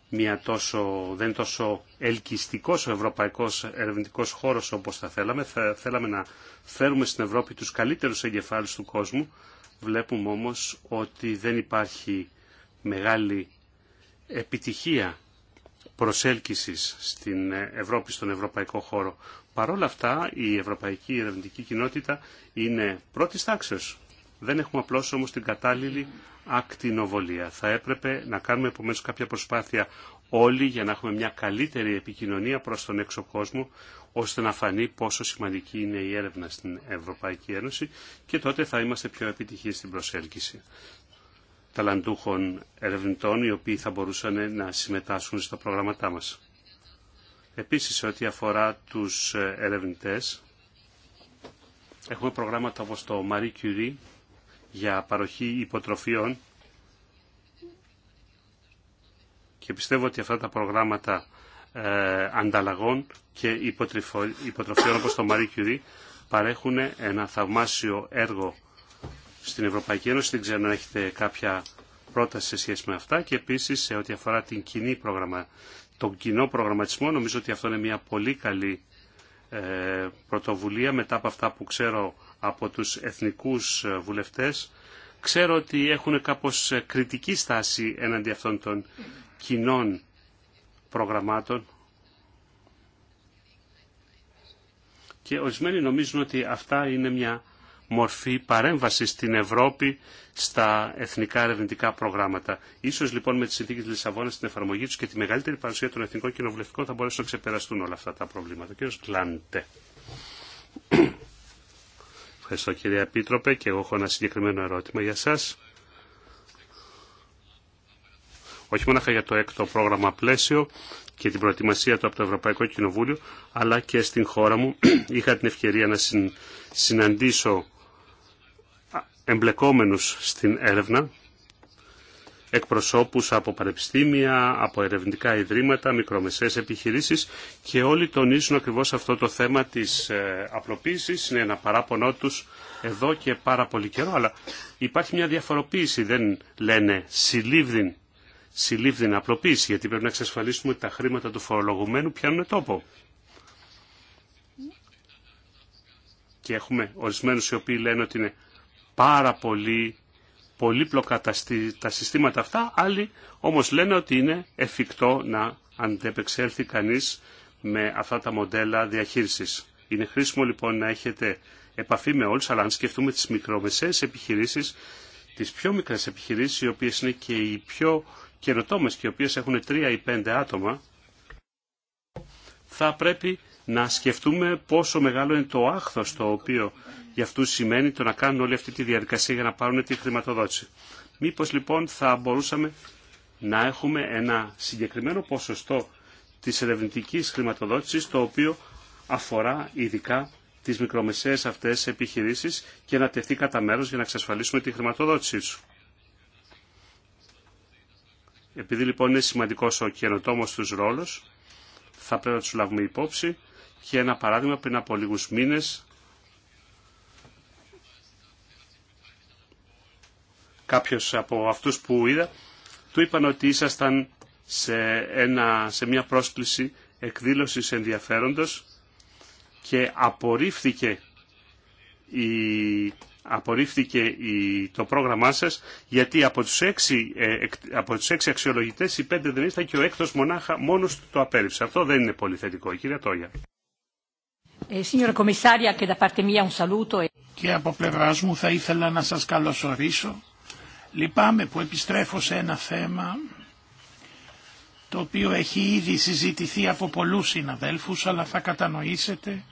μια τόσο, δεν τόσο ελκυστικός ο ευρωπαϊκός ερευνητικός χώρος όπως θα θέλαμε. θέλαμε να φέρουμε στην Ευρώπη τους καλύτερους εγκεφάλους του κόσμου. Βλέπουμε όμως ότι δεν υπάρχει μεγάλη επιτυχία προσέλκυσης στην Ευρώπη, στον ευρωπαϊκό χώρο. Παρ' όλα αυτά η ευρωπαϊκή ερευνητική κοινότητα είναι πρώτης τάξεως δεν έχουμε απλώ όμω την κατάλληλη ακτινοβολία. Θα έπρεπε να κάνουμε επομένω κάποια προσπάθεια όλοι για να έχουμε μια καλύτερη επικοινωνία προ τον έξω κόσμο, ώστε να φανεί πόσο σημαντική είναι η έρευνα στην Ευρωπαϊκή Ένωση και τότε θα είμαστε πιο επιτυχείς στην προσέλκυση ταλαντούχων ερευνητών οι οποίοι θα μπορούσαν να συμμετάσχουν στα προγράμματά μας. Επίσης, ό,τι αφορά τους ερευνητές, έχουμε προγράμματα όπως το Marie Curie, για παροχή υποτροφιών και πιστεύω ότι αυτά τα προγράμματα ε, ανταλλαγών και υποτροφιών όπως το Marie Curie παρέχουν ένα θαυμάσιο έργο στην Ευρωπαϊκή Ένωση. Δεν ξέρω αν έχετε κάποια πρόταση σε σχέση με αυτά και επίσης σε ό,τι αφορά την κοινή πρόγραμμα, τον κοινό προγραμματισμό νομίζω ότι αυτό είναι μια πολύ καλή ε, πρωτοβουλία μετά από αυτά που ξέρω από τους εθνικούς ε, βουλευτές ξέρω ότι έχουν κάπως ε, κριτική στάση έναντι αυτών των κοινών προγραμμάτων και ορισμένοι νομίζουν ότι αυτά είναι μια μορφή παρέμβαση στην Ευρώπη στα εθνικά ερευνητικά προγράμματα. Ίσως λοιπόν με τις συνθήκες της Λισαβόνας στην εφαρμογή τους και τη μεγαλύτερη παρουσία των εθνικών κοινοβουλευτικών θα μπορέσουν να ξεπεραστούν όλα αυτά τα προβλήματα. Κύριος Κλάντε. Ευχαριστώ κύριε Επίτροπε και εγώ έχω ένα συγκεκριμένο ερώτημα για σας. Όχι μόνο για το έκτο πρόγραμμα πλαίσιο και την προετοιμασία του από το Ευρωπαϊκό Κοινοβούλιο, αλλά και στην χώρα μου είχα την ευκαιρία να συναντήσω εμπλεκόμενους στην έρευνα εκπροσώπους από πανεπιστήμια, από ερευνητικά ιδρύματα, μικρομεσαίες επιχειρήσεις και όλοι τονίζουν ακριβώς αυτό το θέμα της ε, απλοποίησης. Είναι ένα παράπονό τους εδώ και πάρα πολύ καιρό, αλλά υπάρχει μια διαφοροποίηση. Δεν λένε συλλήβδιν, απλοποίηση, γιατί πρέπει να εξασφαλίσουμε ότι τα χρήματα του φορολογουμένου πιάνουν τόπο. Και έχουμε ορισμένους οι οποίοι λένε ότι είναι πάρα πολύ πολύπλοκα τα συστήματα αυτά, άλλοι όμως λένε ότι είναι εφικτό να αντεπεξέλθει κανείς με αυτά τα μοντέλα διαχείρισης. Είναι χρήσιμο λοιπόν να έχετε επαφή με όλους, αλλά αν σκεφτούμε τις μικρομεσαίες επιχειρήσεις, τις πιο μικρές επιχειρήσεις, οι οποίες είναι και οι πιο καινοτόμες και οι οποίες έχουν τρία ή πέντε άτομα, θα πρέπει να σκεφτούμε πόσο μεγάλο είναι το άχθος το οποίο για αυτούς σημαίνει το να κάνουν όλη αυτή τη διαδικασία για να πάρουν τη χρηματοδότηση. Μήπως λοιπόν θα μπορούσαμε να έχουμε ένα συγκεκριμένο ποσοστό της ερευνητικής χρηματοδότησης το οποίο αφορά ειδικά τις μικρομεσαίες αυτές επιχειρήσεις και να τεθεί κατά μέρος για να εξασφαλίσουμε τη χρηματοδότησή του. Επειδή λοιπόν είναι σημαντικός ο καινοτόμος τους ρόλος, θα πρέπει να τους λάβουμε υπόψη και ένα παράδειγμα πριν από λίγου μήνε. κάποιος από αυτούς που είδα, του είπαν ότι ήσασταν σε, ένα, σε μια πρόσκληση εκδήλωσης ενδιαφέροντος και απορρίφθηκε, η, απορρίφθηκε το πρόγραμμά σας γιατί από τους, έξι, ε, από τους έξι αξιολογητές οι πέντε δεν ήσταν και ο έκτος μονάχα μόνος του το απέριψε. Αυτό δεν είναι πολύ θετικό. Κύριε Τόγια.
Ε, e- και από πλευρά μου θα ήθελα να σας καλωσορίσω Λυπάμαι που επιστρέφω σε ένα θέμα το οποίο έχει ήδη συζητηθεί από πολλούς συναδέλφους, αλλά θα κατανοήσετε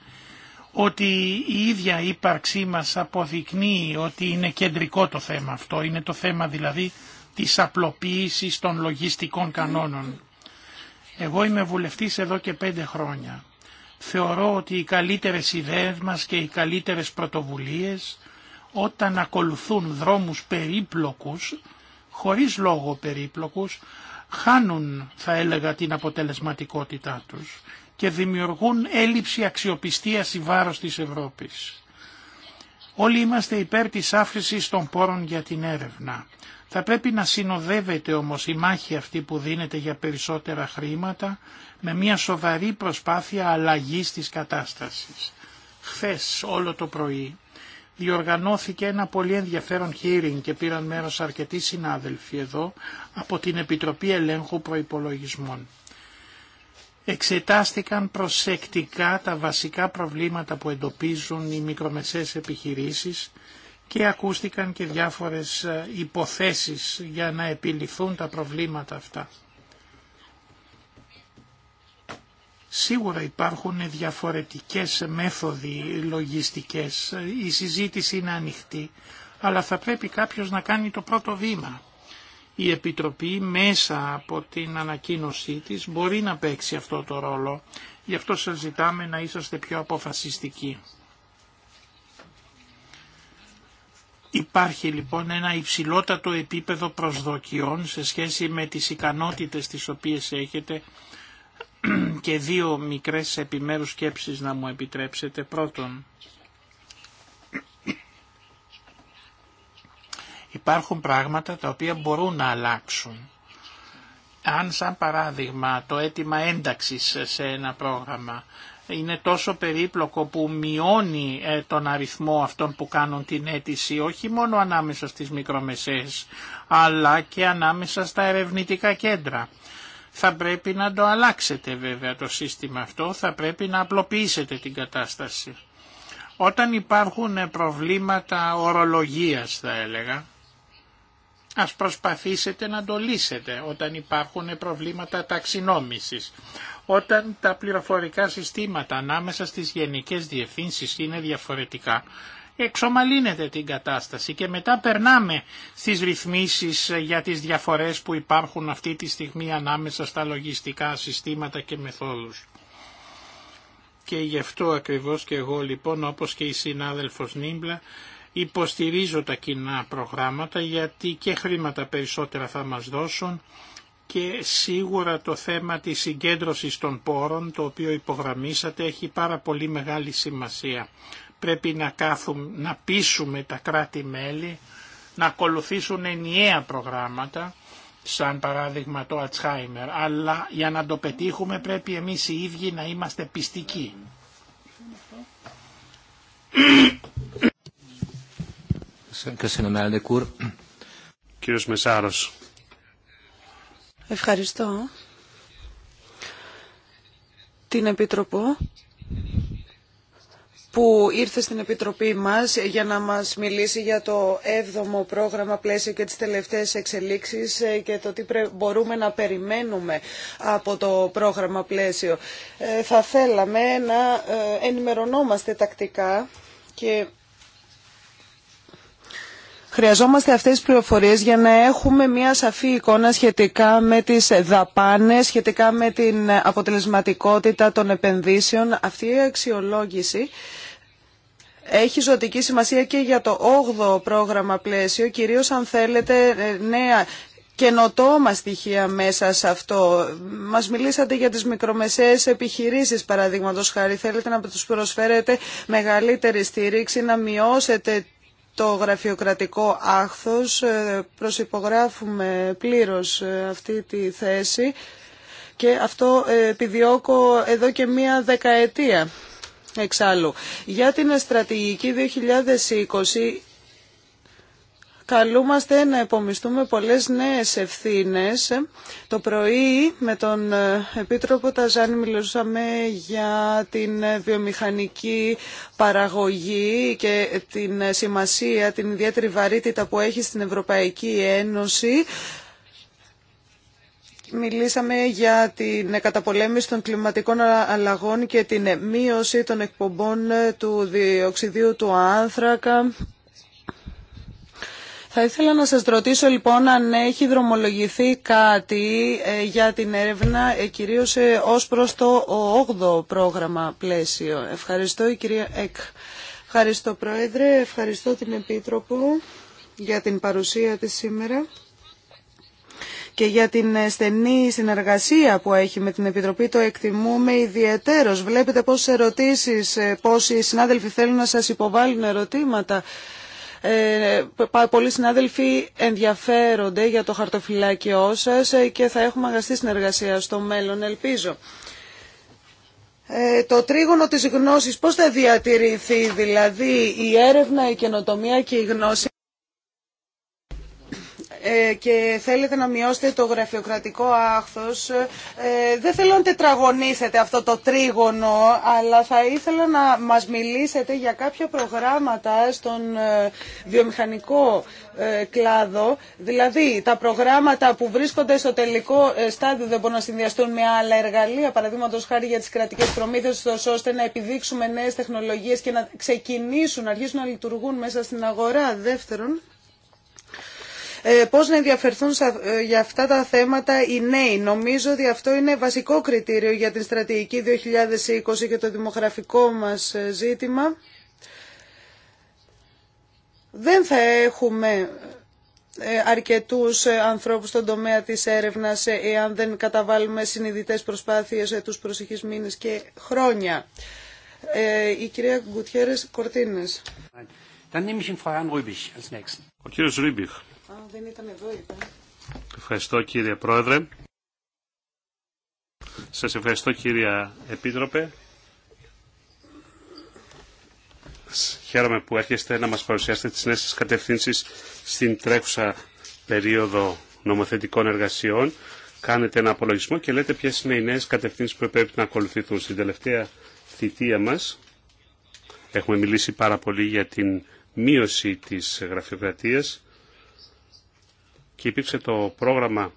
ότι η ίδια ύπαρξή μας αποδεικνύει ότι είναι κεντρικό το θέμα αυτό, είναι το θέμα δηλαδή της απλοποίησης των λογιστικών κανόνων. Εγώ είμαι βουλευτής εδώ και πέντε χρόνια. Θεωρώ ότι οι καλύτερες ιδέες μας και οι καλύτερες πρωτοβουλίες όταν ακολουθούν δρόμους περίπλοκους, χωρίς λόγο περίπλοκους, χάνουν θα έλεγα την αποτελεσματικότητά τους και δημιουργούν έλλειψη αξιοπιστίας ή βάρος της Ευρώπης. Όλοι είμαστε υπέρ της άφησης των πόρων για την έρευνα. Θα πρέπει να συνοδεύεται όμως η μάχη αυτή που δίνεται για περισσότερα χρήματα με μια σοβαρή προσπάθεια αλλαγής της κατάστασης. Χθες όλο το πρωί διοργανώθηκε ένα πολύ ενδιαφέρον hearing και πήραν μέρος αρκετοί συνάδελφοι εδώ από την Επιτροπή Ελέγχου Προϋπολογισμών. Εξετάστηκαν προσεκτικά τα βασικά προβλήματα που εντοπίζουν οι μικρομεσαίες επιχειρήσεις και ακούστηκαν και διάφορες ε, υποθέσεις για να επιληθούν τα προβλήματα αυτά. Σίγουρα υπάρχουν διαφορετικές μέθοδοι λογιστικές, η συζήτηση είναι ανοιχτή, αλλά θα πρέπει κάποιος να κάνει το πρώτο βήμα. Η Επιτροπή μέσα από την ανακοίνωσή της μπορεί να παίξει αυτό το ρόλο, γι' αυτό σας ζητάμε να είσαστε πιο αποφασιστικοί. Υπάρχει λοιπόν ένα υψηλότατο επίπεδο προσδοκιών σε σχέση με τις ικανότητες τις οποίες έχετε και δύο μικρές επιμέρους σκέψεις να μου επιτρέψετε. Πρώτον, υπάρχουν πράγματα τα οποία μπορούν να αλλάξουν. Αν σαν παράδειγμα το αίτημα ένταξης σε ένα πρόγραμμα είναι τόσο περίπλοκο που μειώνει ε, τον αριθμό αυτών που κάνουν την αίτηση όχι μόνο ανάμεσα στις μικρομεσαίες αλλά και ανάμεσα στα ερευνητικά κέντρα. Θα πρέπει να το αλλάξετε βέβαια το σύστημα αυτό, θα πρέπει να απλοποιήσετε την κατάσταση. Όταν υπάρχουν προβλήματα ορολογίας θα έλεγα, ας προσπαθήσετε να το λύσετε όταν υπάρχουν προβλήματα ταξινόμησης. Όταν τα πληροφορικά συστήματα ανάμεσα στις γενικές διευθύνσεις είναι διαφορετικά, εξομαλύνεται την κατάσταση και μετά περνάμε στις ρυθμίσεις για τις διαφορές που υπάρχουν αυτή τη στιγμή ανάμεσα στα λογιστικά συστήματα και μεθόδους. Και γι' αυτό ακριβώς και εγώ λοιπόν όπως και η συνάδελφος Νίμπλα υποστηρίζω τα κοινά προγράμματα γιατί και χρήματα περισσότερα θα μας δώσουν και σίγουρα το θέμα της συγκέντρωσης των πόρων το οποίο υπογραμμίσατε έχει πάρα πολύ μεγάλη σημασία. Πρέπει να, κάθουμε, να πείσουμε τα κράτη-μέλη να ακολουθήσουν ενιαία προγράμματα, σαν παράδειγμα το Ατσχάιμερ, αλλά για να το πετύχουμε πρέπει εμείς οι ίδιοι να είμαστε πιστικοί.
Κύριος Μεσάρος.
Ευχαριστώ την Επίτροπο που ήρθε στην Επιτροπή μας για να μας μιλήσει για το 7ο πρόγραμμα πλαίσιο και τις τελευταίες εξελίξεις ε, και το τι μπορούμε να περιμένουμε από το πρόγραμμα πλαίσιο. Ε, θα θέλαμε να ε, ενημερωνόμαστε τακτικά και Χρειαζόμαστε αυτές τις πληροφορίες για να έχουμε μια σαφή εικόνα σχετικά με τις δαπάνες, σχετικά με την αποτελεσματικότητα των επενδύσεων. Αυτή η αξιολόγηση έχει ζωτική σημασία και για το 8ο πρόγραμμα πλαίσιο, κυρίως αν θέλετε ε, νέα καινοτόμα στοιχεία μέσα σε αυτό. Μας μιλήσατε για τις μικρομεσαίες επιχειρήσεις παραδείγματος χάρη. Θέλετε να τους προσφέρετε μεγαλύτερη στήριξη, να μειώσετε το γραφειοκρατικό άχθος. Ε, προσυπογράφουμε πλήρως ε, αυτή τη θέση και αυτό ε, επιδιώκω εδώ και μία δεκαετία εξάλλου. Για την στρατηγική 2020 καλούμαστε να επομιστούμε πολλές νέες ευθύνες. Το πρωί με τον ε, Επίτροπο Ταζάνη μιλούσαμε για την ε, βιομηχανική παραγωγή και την ε, σημασία, την ιδιαίτερη βαρύτητα που έχει στην Ευρωπαϊκή Ένωση μιλήσαμε για την καταπολέμηση των κλιματικών αλλαγών και την μείωση των εκπομπών του διοξιδίου του άνθρακα θα ήθελα να σας ρωτήσω λοιπόν αν έχει δρομολογηθεί κάτι ε, για την έρευνα, ε, κυρίως ε, ως προς το 8ο πρόγραμμα πλαίσιο. Ευχαριστώ η κυρία Εκ. Ευχαριστώ Πρόεδρε, ευχαριστώ την Επίτροπο για την παρουσία της σήμερα και για την στενή συνεργασία που έχει με την Επιτροπή το εκτιμούμε ιδιαίτερος. Βλέπετε πόσες ερωτήσεις, πόσοι συνάδελφοι θέλουν να σας υποβάλουν ερωτήματα ε, πολλοί συνάδελφοι ενδιαφέρονται για το χαρτοφυλάκιό σας ε, και θα έχουμε αγαστή συνεργασία στο μέλλον, ελπίζω. Ε, το τρίγωνο της γνώσης πώς θα διατηρηθεί, δηλαδή η έρευνα, η καινοτομία και η γνώση ε, και θέλετε να μειώσετε το γραφειοκρατικό άχθος. Ε, δεν θέλω να τετραγωνίσετε αυτό το τρίγωνο, αλλά θα ήθελα να μας μιλήσετε για κάποια προγράμματα στον ε, βιομηχανικό κλάδο, δηλαδή τα προγράμματα που βρίσκονται στο τελικό στάδιο δεν μπορούν να συνδυαστούν με άλλα εργαλεία, παραδείγματο χάρη για τις κρατικές προμήθειες, ώστε να επιδείξουμε νέες τεχνολογίες και να ξεκινήσουν, να αρχίσουν να λειτουργούν μέσα στην αγορά. Δεύτερον, ε, πώς να ενδιαφερθούν ε, για αυτά τα θέματα οι νέοι. Νομίζω ότι αυτό είναι βασικό κριτήριο για την στρατηγική 2020 και το δημογραφικό μας ε, ζήτημα. Δεν θα έχουμε αρκετούς ανθρώπους στον τομέα της έρευνας εάν δεν καταβάλουμε συνειδητές προσπάθειες τους προσεχείς μήνες και χρόνια. η κυρία Γκουτιέρες Κορτίνες.
Ο κύριος Ευχαριστώ κύριε Πρόεδρε. Σας ευχαριστώ κυρία Επίτροπε. Χαίρομαι που έρχεστε να μας παρουσιάσετε τις νέες σας κατευθύνσεις στην τρέχουσα περίοδο νομοθετικών εργασιών. Κάνετε ένα απολογισμό και λέτε ποιες είναι οι νέες κατευθύνσεις που πρέπει να ακολουθηθούν. Στην τελευταία θητεία μας έχουμε μιλήσει πάρα πολύ για την μείωση της γραφειοκρατίας και υπήρξε το πρόγραμμα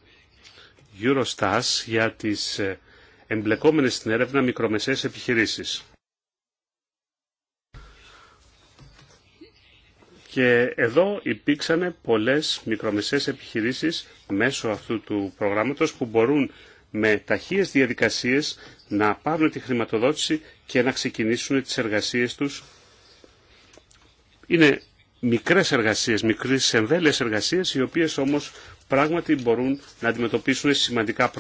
Eurostars για τις ε, εμπλεκόμενες στην έρευνα μικρομεσαίες επιχειρήσεις. Και εδώ υπήρξαν πολλές μικρομεσαίες επιχειρήσεις μέσω αυτού του προγράμματος που μπορούν με ταχείες διαδικασίες να πάρουν τη χρηματοδότηση και να ξεκινήσουν τις εργασίες τους. Είναι μικρές εργασίες, μικρές εμβέλειες εργασίες, οι οποίες όμως πράγματι μπορούν να αντιμετωπίσουν σημαντικά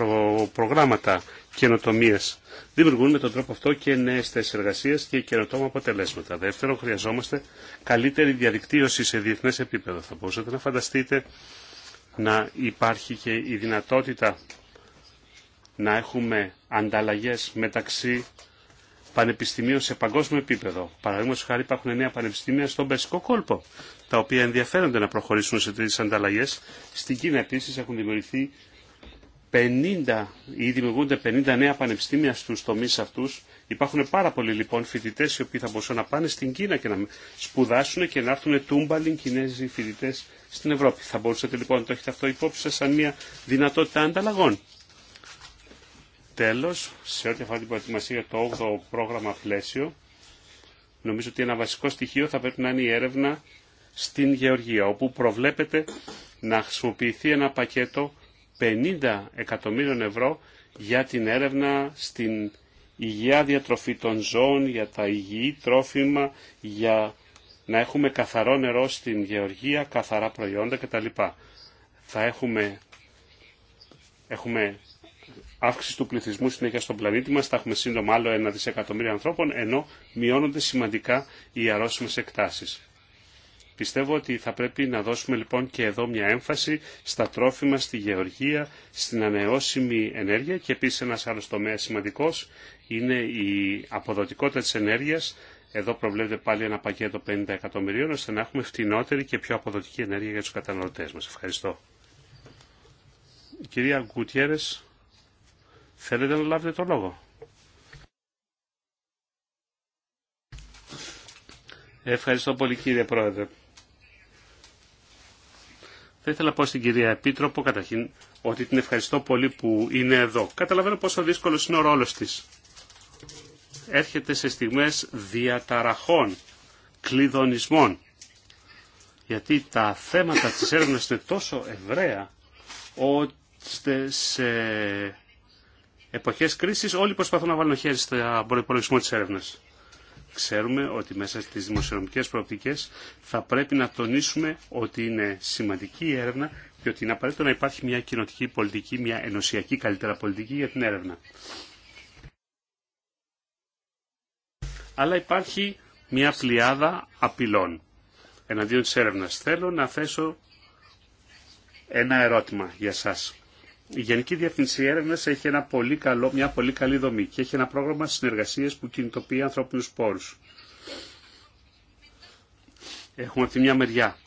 προγράμματα καινοτομία. Δημιουργούν με τον τρόπο αυτό και νέε θέσει εργασία και καινοτόμα αποτελέσματα. Δεύτερον, χρειαζόμαστε καλύτερη διαδικτύωση σε διεθνέ επίπεδο. Θα μπορούσατε να φανταστείτε να υπάρχει και η δυνατότητα να έχουμε ανταλλαγές μεταξύ πανεπιστημίων σε παγκόσμιο επίπεδο. Παραδείγματο χάρη υπάρχουν νέα πανεπιστήμια στον Περσικό κόλπο, τα οποία ενδιαφέρονται να προχωρήσουν σε τέτοιε ανταλλαγέ. Στην Κίνα επίση έχουν δημιουργηθεί 50 ή δημιουργούνται 50 νέα πανεπιστήμια στου τομεί αυτού. Υπάρχουν πάρα πολλοί λοιπόν φοιτητέ οι οποίοι θα μπορούσαν να πάνε στην Κίνα και να σπουδάσουν και να έρθουν τούμπαλιν Κινέζοι φοιτητέ στην Ευρώπη. Θα μπορούσατε λοιπόν να το έχετε αυτό υπόψη σα σαν μια δυνατότητα ανταλλαγών. Τέλος, σε ό,τι αφορά την προετοιμασία για το 8ο πρόγραμμα πλαίσιο, νομίζω ότι ένα βασικό στοιχείο θα πρέπει να είναι η έρευνα στην Γεωργία, όπου προβλέπεται να χρησιμοποιηθεί ένα πακέτο 50 εκατομμύριων ευρώ για την έρευνα στην υγεία διατροφή των ζώων, για τα υγιή τρόφιμα, για να έχουμε καθαρό νερό στην γεωργία, καθαρά προϊόντα κτλ. Θα έχουμε, έχουμε αύξηση του πληθυσμού συνέχεια στον πλανήτη μα θα έχουμε σύντομα άλλο ένα δισεκατομμύριο ανθρώπων, ενώ μειώνονται σημαντικά οι αρρώσιμε εκτάσει. Πιστεύω ότι θα πρέπει να δώσουμε λοιπόν και εδώ μια έμφαση στα τρόφιμα, στη γεωργία, στην ανεώσιμη ενέργεια και επίσης ένας άλλο τομέας σημαντικός είναι η αποδοτικότητα της ενέργειας. Εδώ προβλέπεται πάλι ένα πακέτο 50 εκατομμυρίων ώστε να έχουμε φτηνότερη και πιο αποδοτική ενέργεια για τους καταναλωτές μας. Ευχαριστώ. κυρία Θέλετε να λάβετε το λόγο. Ευχαριστώ πολύ κύριε Πρόεδρε. Θα ήθελα να πω στην κυρία Επίτροπο καταρχήν ότι την ευχαριστώ πολύ που είναι εδώ. Καταλαβαίνω πόσο δύσκολος είναι ο ρόλος της. Έρχεται σε στιγμές διαταραχών, κλειδονισμών. Γιατί τα θέματα της έρευνας είναι τόσο ευραία ώστε σε εποχές κρίσης όλοι προσπαθούν να βάλουν χέρι στο προπολογισμό της έρευνας. Ξέρουμε ότι μέσα στις δημοσιονομικές προοπτικές θα πρέπει να τονίσουμε ότι είναι σημαντική η έρευνα και ότι είναι απαραίτητο να υπάρχει μια κοινοτική πολιτική, μια ενωσιακή καλύτερα πολιτική για την έρευνα. Αλλά υπάρχει μια πλειάδα απειλών εναντίον της έρευνας. Θέλω να θέσω ένα ερώτημα για σας η Γενική Διεύθυνση Έρευνα έχει ένα πολύ καλό, μια πολύ καλή δομή και έχει ένα πρόγραμμα συνεργασία που κινητοποιεί ανθρώπινου πόρου. Έχουμε από τη μια μεριά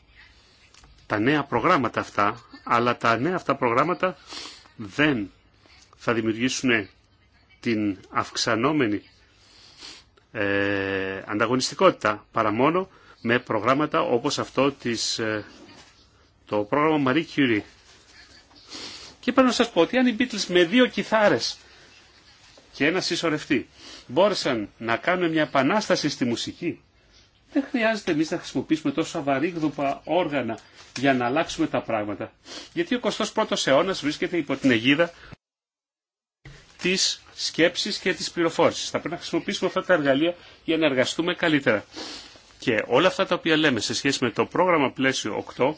τα νέα προγράμματα αυτά, αλλά τα νέα αυτά προγράμματα δεν θα δημιουργήσουν την αυξανόμενη ε, ανταγωνιστικότητα παρά μόνο με προγράμματα όπως αυτό της, ε, το πρόγραμμα Marie Curie και πρέπει να σας πω ότι αν οι Beatles με δύο κιθάρες και ένα συσσωρευτή μπόρεσαν να κάνουν μια επανάσταση στη μουσική, δεν χρειάζεται εμεί να χρησιμοποιήσουμε τόσο αβαρύγδουπα όργανα για να αλλάξουμε τα πράγματα. Γιατί ο 21ος αιώνας βρίσκεται υπό την αιγίδα της σκέψης και της πληροφόρησης. Θα πρέπει να χρησιμοποιήσουμε αυτά τα εργαλεία για να εργαστούμε καλύτερα. Και όλα αυτά τα οποία λέμε σε σχέση με το πρόγραμμα πλαίσιο 8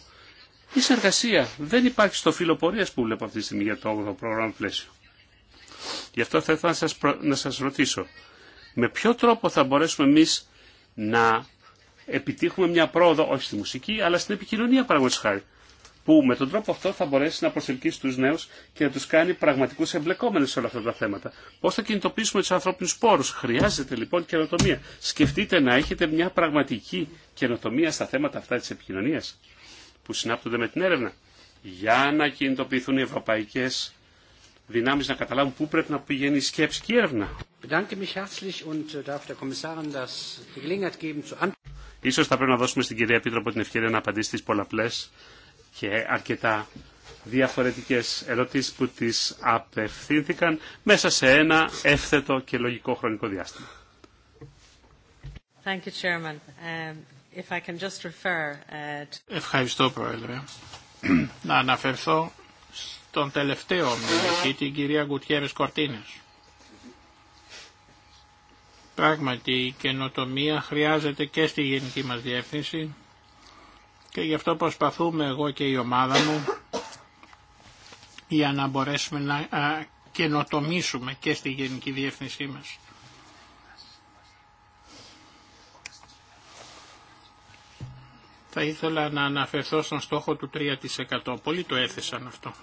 η συνεργασία δεν υπάρχει στο φύλλο φιλοπορία που βλέπω αυτή τη στιγμή για το 8ο πρόγραμμα πλαίσιο. Γι' αυτό θα ήθελα να σας, σας ρωτήσω, με ποιο τρόπο θα μπορέσουμε εμείς να επιτύχουμε μια πρόοδο, όχι στη μουσική, αλλά στην επικοινωνία παραγωγή χάρη, που με τον τρόπο αυτό θα μπορέσει να προσελκύσει του νέου και να του κάνει πραγματικού εμπλεκόμενου σε όλα αυτά τα θέματα. Πώ θα κινητοποιήσουμε του ανθρώπινους πόρου, Χρειάζεται λοιπόν καινοτομία. Σκεφτείτε να έχετε μια πραγματική καινοτομία στα θέματα αυτά τη επικοινωνία που συνάπτονται με την έρευνα για να κινητοποιηθούν οι ευρωπαϊκές δυνάμεις να καταλάβουν πού πρέπει να πηγαίνει η σκέψη και η έρευνα. Äh, Ίσως θα πρέπει να δώσουμε στην κυρία Επίτροπο την ευκαιρία να απαντήσει στις πολλαπλές και αρκετά διαφορετικές ερωτήσεις που τις απευθύνθηκαν μέσα σε ένα εύθετο και λογικό χρονικό διάστημα. Thank you, Chairman. Um,
Uh,
Ευχαριστώ Πρόεδρε. Να
αναφερθώ στον τελευταίο μιλητή, την κυρία Γκουτιέρες Κορτίνες. Πράγματι η καινοτομία χρειάζεται και στη γενική μας διεύθυνση και γι' αυτό προσπαθούμε εγώ και η ομάδα μου για να μπορέσουμε να καινοτομήσουμε και στη γενική διεύθυνσή μας. Θα ήθελα να αναφερθώ στον στόχο του 3%. Πολλοί το έθεσαν αυτό.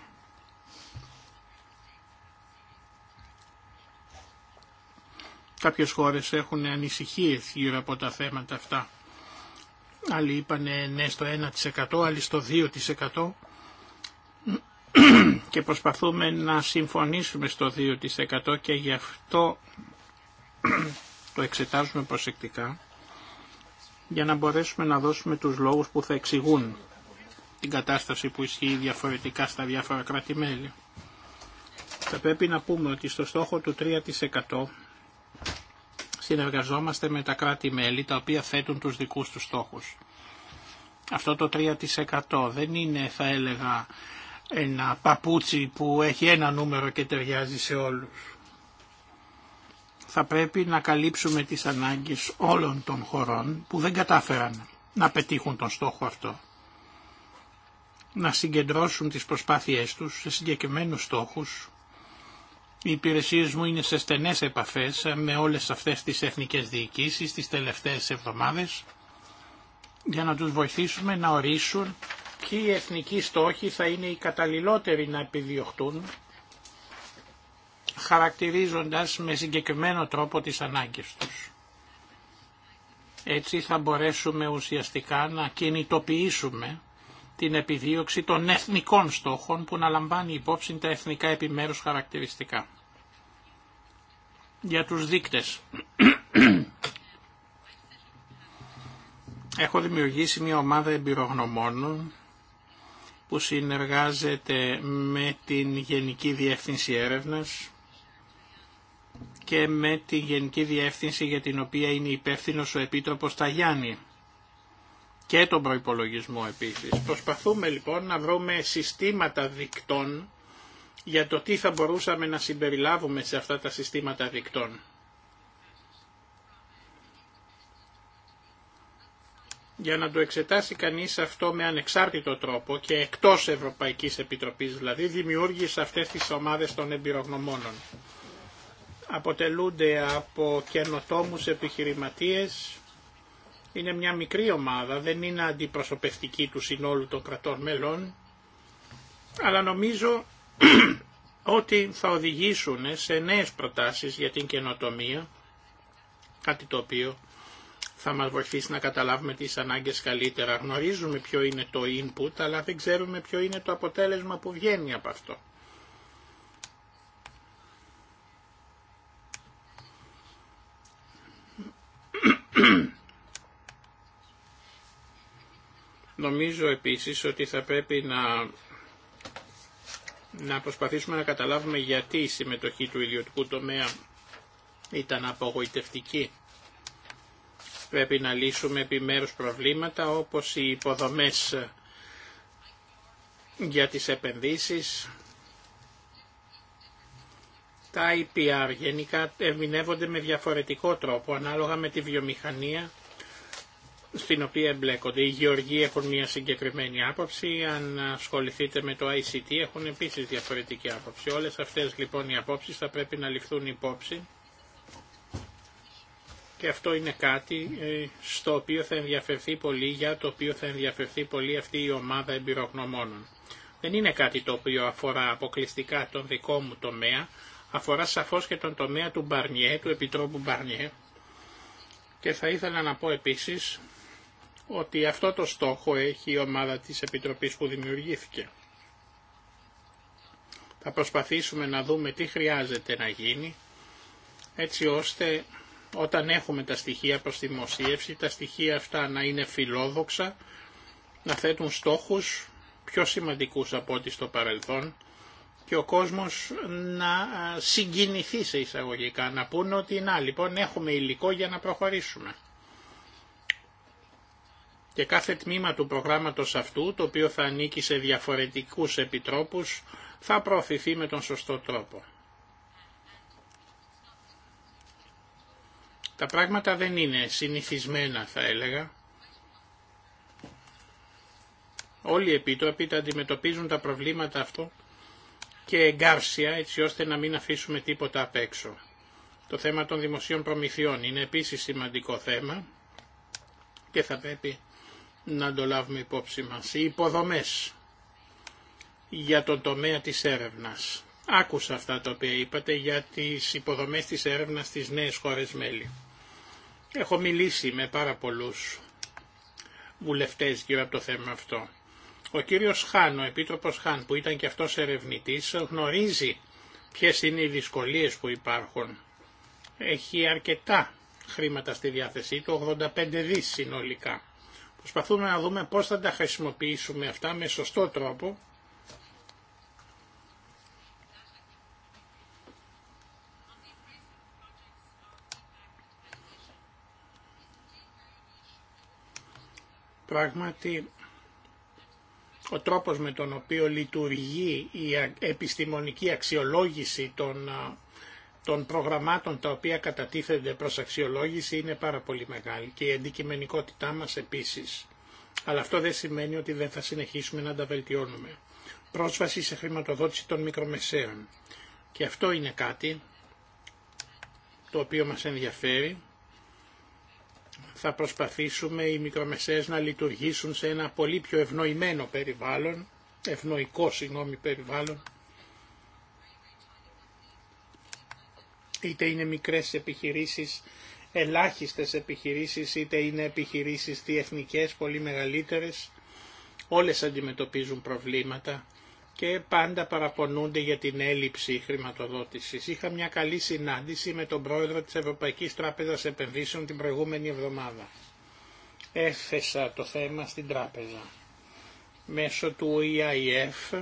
Κάποιες χώρες έχουν ανησυχίες γύρω από τα θέματα αυτά. Άλλοι είπαν ναι στο 1%, άλλοι στο 2% και προσπαθούμε να συμφωνήσουμε στο 2% και γι' αυτό το εξετάζουμε προσεκτικά για να μπορέσουμε να δώσουμε τους λόγους που θα εξηγούν την κατάσταση που ισχύει διαφορετικά στα διάφορα κράτη-μέλη. Θα πρέπει να πούμε ότι στο στόχο του 3% συνεργαζόμαστε με τα κράτη-μέλη τα οποία θέτουν τους δικούς τους στόχους. Αυτό το 3% δεν είναι θα έλεγα ένα παπούτσι που έχει ένα νούμερο και ταιριάζει σε όλους θα πρέπει να καλύψουμε τις ανάγκες όλων των χωρών που δεν κατάφεραν να πετύχουν τον στόχο αυτό. Να συγκεντρώσουν τις προσπάθειές τους σε συγκεκριμένους στόχους. Οι υπηρεσίες μου είναι σε στενές επαφές με όλες αυτές τις εθνικές διοικήσεις τις τελευταίες εβδομάδες για να τους βοηθήσουμε να ορίσουν ποιοι εθνικοί στόχοι θα είναι οι καταλληλότεροι να επιδιωχτούν χαρακτηρίζοντας με συγκεκριμένο τρόπο τις ανάγκες τους. Έτσι θα μπορέσουμε ουσιαστικά να κινητοποιήσουμε την επιδίωξη των εθνικών στόχων που να λαμβάνει υπόψη τα εθνικά επιμέρους χαρακτηριστικά. Για τους δείκτες. Έχω δημιουργήσει μια ομάδα εμπειρογνωμόνων που συνεργάζεται με την Γενική Διεύθυνση Έρευνας και με τη Γενική Διεύθυνση για την οποία είναι υπεύθυνο ο Επίτροπος Ταγιάννη και τον προϋπολογισμό επίσης. Προσπαθούμε λοιπόν να βρούμε συστήματα δικτών για το τι θα μπορούσαμε να συμπεριλάβουμε σε αυτά τα συστήματα δικτών. Για να το εξετάσει κανείς αυτό με ανεξάρτητο τρόπο και εκτός Ευρωπαϊκής Επιτροπής δηλαδή δημιούργησε αυτές τις ομάδες των εμπειρογνωμόνων αποτελούνται από καινοτόμους επιχειρηματίες, είναι μια μικρή ομάδα, δεν είναι αντιπροσωπευτική του συνόλου των κρατών μελών, αλλά νομίζω ότι θα οδηγήσουν σε νέες προτάσεις για την καινοτομία, κάτι το οποίο θα μας βοηθήσει να καταλάβουμε τις ανάγκες καλύτερα. Γνωρίζουμε ποιο είναι το input, αλλά δεν ξέρουμε ποιο είναι το αποτέλεσμα που βγαίνει από αυτό. Νομίζω επίσης ότι θα πρέπει να, να προσπαθήσουμε να καταλάβουμε γιατί η συμμετοχή του ιδιωτικού τομέα ήταν απογοητευτική. Πρέπει να λύσουμε επιμέρους προβλήματα όπως οι υποδομές για τις επενδύσεις, τα IPR γενικά ερμηνεύονται με διαφορετικό τρόπο ανάλογα με τη βιομηχανία στην οποία εμπλέκονται. Οι γεωργοί έχουν μια συγκεκριμένη άποψη, αν ασχοληθείτε με το ICT έχουν επίσης διαφορετική άποψη. Όλες αυτές λοιπόν οι απόψεις θα πρέπει να ληφθούν υπόψη και αυτό είναι κάτι ε, στο οποίο θα ενδιαφερθεί πολύ, για το οποίο θα ενδιαφερθεί πολύ αυτή η ομάδα εμπειρογνωμόνων. Δεν είναι κάτι το οποίο αφορά αποκλειστικά τον δικό μου τομέα, αφορά σαφώς και τον τομέα του Μπαρνιέ, του Επιτρόπου Μπαρνιέ και θα ήθελα να πω επίσης ότι αυτό το στόχο έχει η ομάδα της Επιτροπής που δημιουργήθηκε. Θα προσπαθήσουμε να δούμε τι χρειάζεται να γίνει έτσι ώστε όταν έχουμε τα στοιχεία προς δημοσίευση, τα στοιχεία αυτά να είναι φιλόδοξα, να θέτουν στόχους πιο σημαντικούς από ό,τι στο παρελθόν και ο κόσμος να συγκινηθεί σε εισαγωγικά, να πούνε ότι να λοιπόν έχουμε υλικό για να προχωρήσουμε. Και κάθε τμήμα του προγράμματος αυτού, το οποίο θα ανήκει σε διαφορετικούς επιτρόπους, θα προωθηθεί με τον σωστό τρόπο. Τα πράγματα δεν είναι συνηθισμένα θα έλεγα. Όλοι οι επίτροποι τα αντιμετωπίζουν τα προβλήματα αυτό και εγκάρσια έτσι ώστε να μην αφήσουμε τίποτα απ' έξω. Το θέμα των δημοσίων προμηθειών είναι επίσης σημαντικό θέμα και θα πρέπει να το λάβουμε υπόψη μας. Οι υποδομές για τον τομέα της έρευνας. Άκουσα αυτά τα οποία είπατε για τις υποδομές της έρευνας στις νέες χώρες μέλη. Έχω μιλήσει με πάρα πολλούς βουλευτές γύρω από το θέμα αυτό. Ο κύριος Χάν, ο Επίτροπος Χάν, που ήταν και αυτός ερευνητής, γνωρίζει ποιες είναι οι δυσκολίες που υπάρχουν. Έχει αρκετά χρήματα στη διάθεσή του, 85 δις συνολικά. Προσπαθούμε να δούμε πώς θα τα χρησιμοποιήσουμε αυτά με σωστό τρόπο πράγματι ο τρόπος με τον οποίο λειτουργεί η επιστημονική αξιολόγηση των, των προγραμμάτων τα οποία κατατίθενται προς αξιολόγηση είναι πάρα πολύ μεγάλη και η αντικειμενικότητά μας επίσης. Αλλά αυτό δεν σημαίνει ότι δεν θα συνεχίσουμε να τα βελτιώνουμε. Πρόσβαση σε χρηματοδότηση των μικρομεσαίων. Και αυτό είναι κάτι το οποίο μας ενδιαφέρει θα προσπαθήσουμε οι μικρομεσαίες να λειτουργήσουν σε ένα πολύ πιο ευνοημένο περιβάλλον, ευνοϊκό συγγνώμη περιβάλλον, είτε είναι μικρές επιχειρήσεις, ελάχιστες επιχειρήσεις, είτε είναι επιχειρήσεις διεθνικές, πολύ μεγαλύτερες, όλες αντιμετωπίζουν προβλήματα και πάντα παραπονούνται για την έλλειψη χρηματοδότησης. Είχα μια καλή συνάντηση με τον πρόεδρο της Ευρωπαϊκής Τράπεζας Επενδύσεων την προηγούμενη εβδομάδα. Έθεσα το θέμα στην τράπεζα. Μέσω του EIF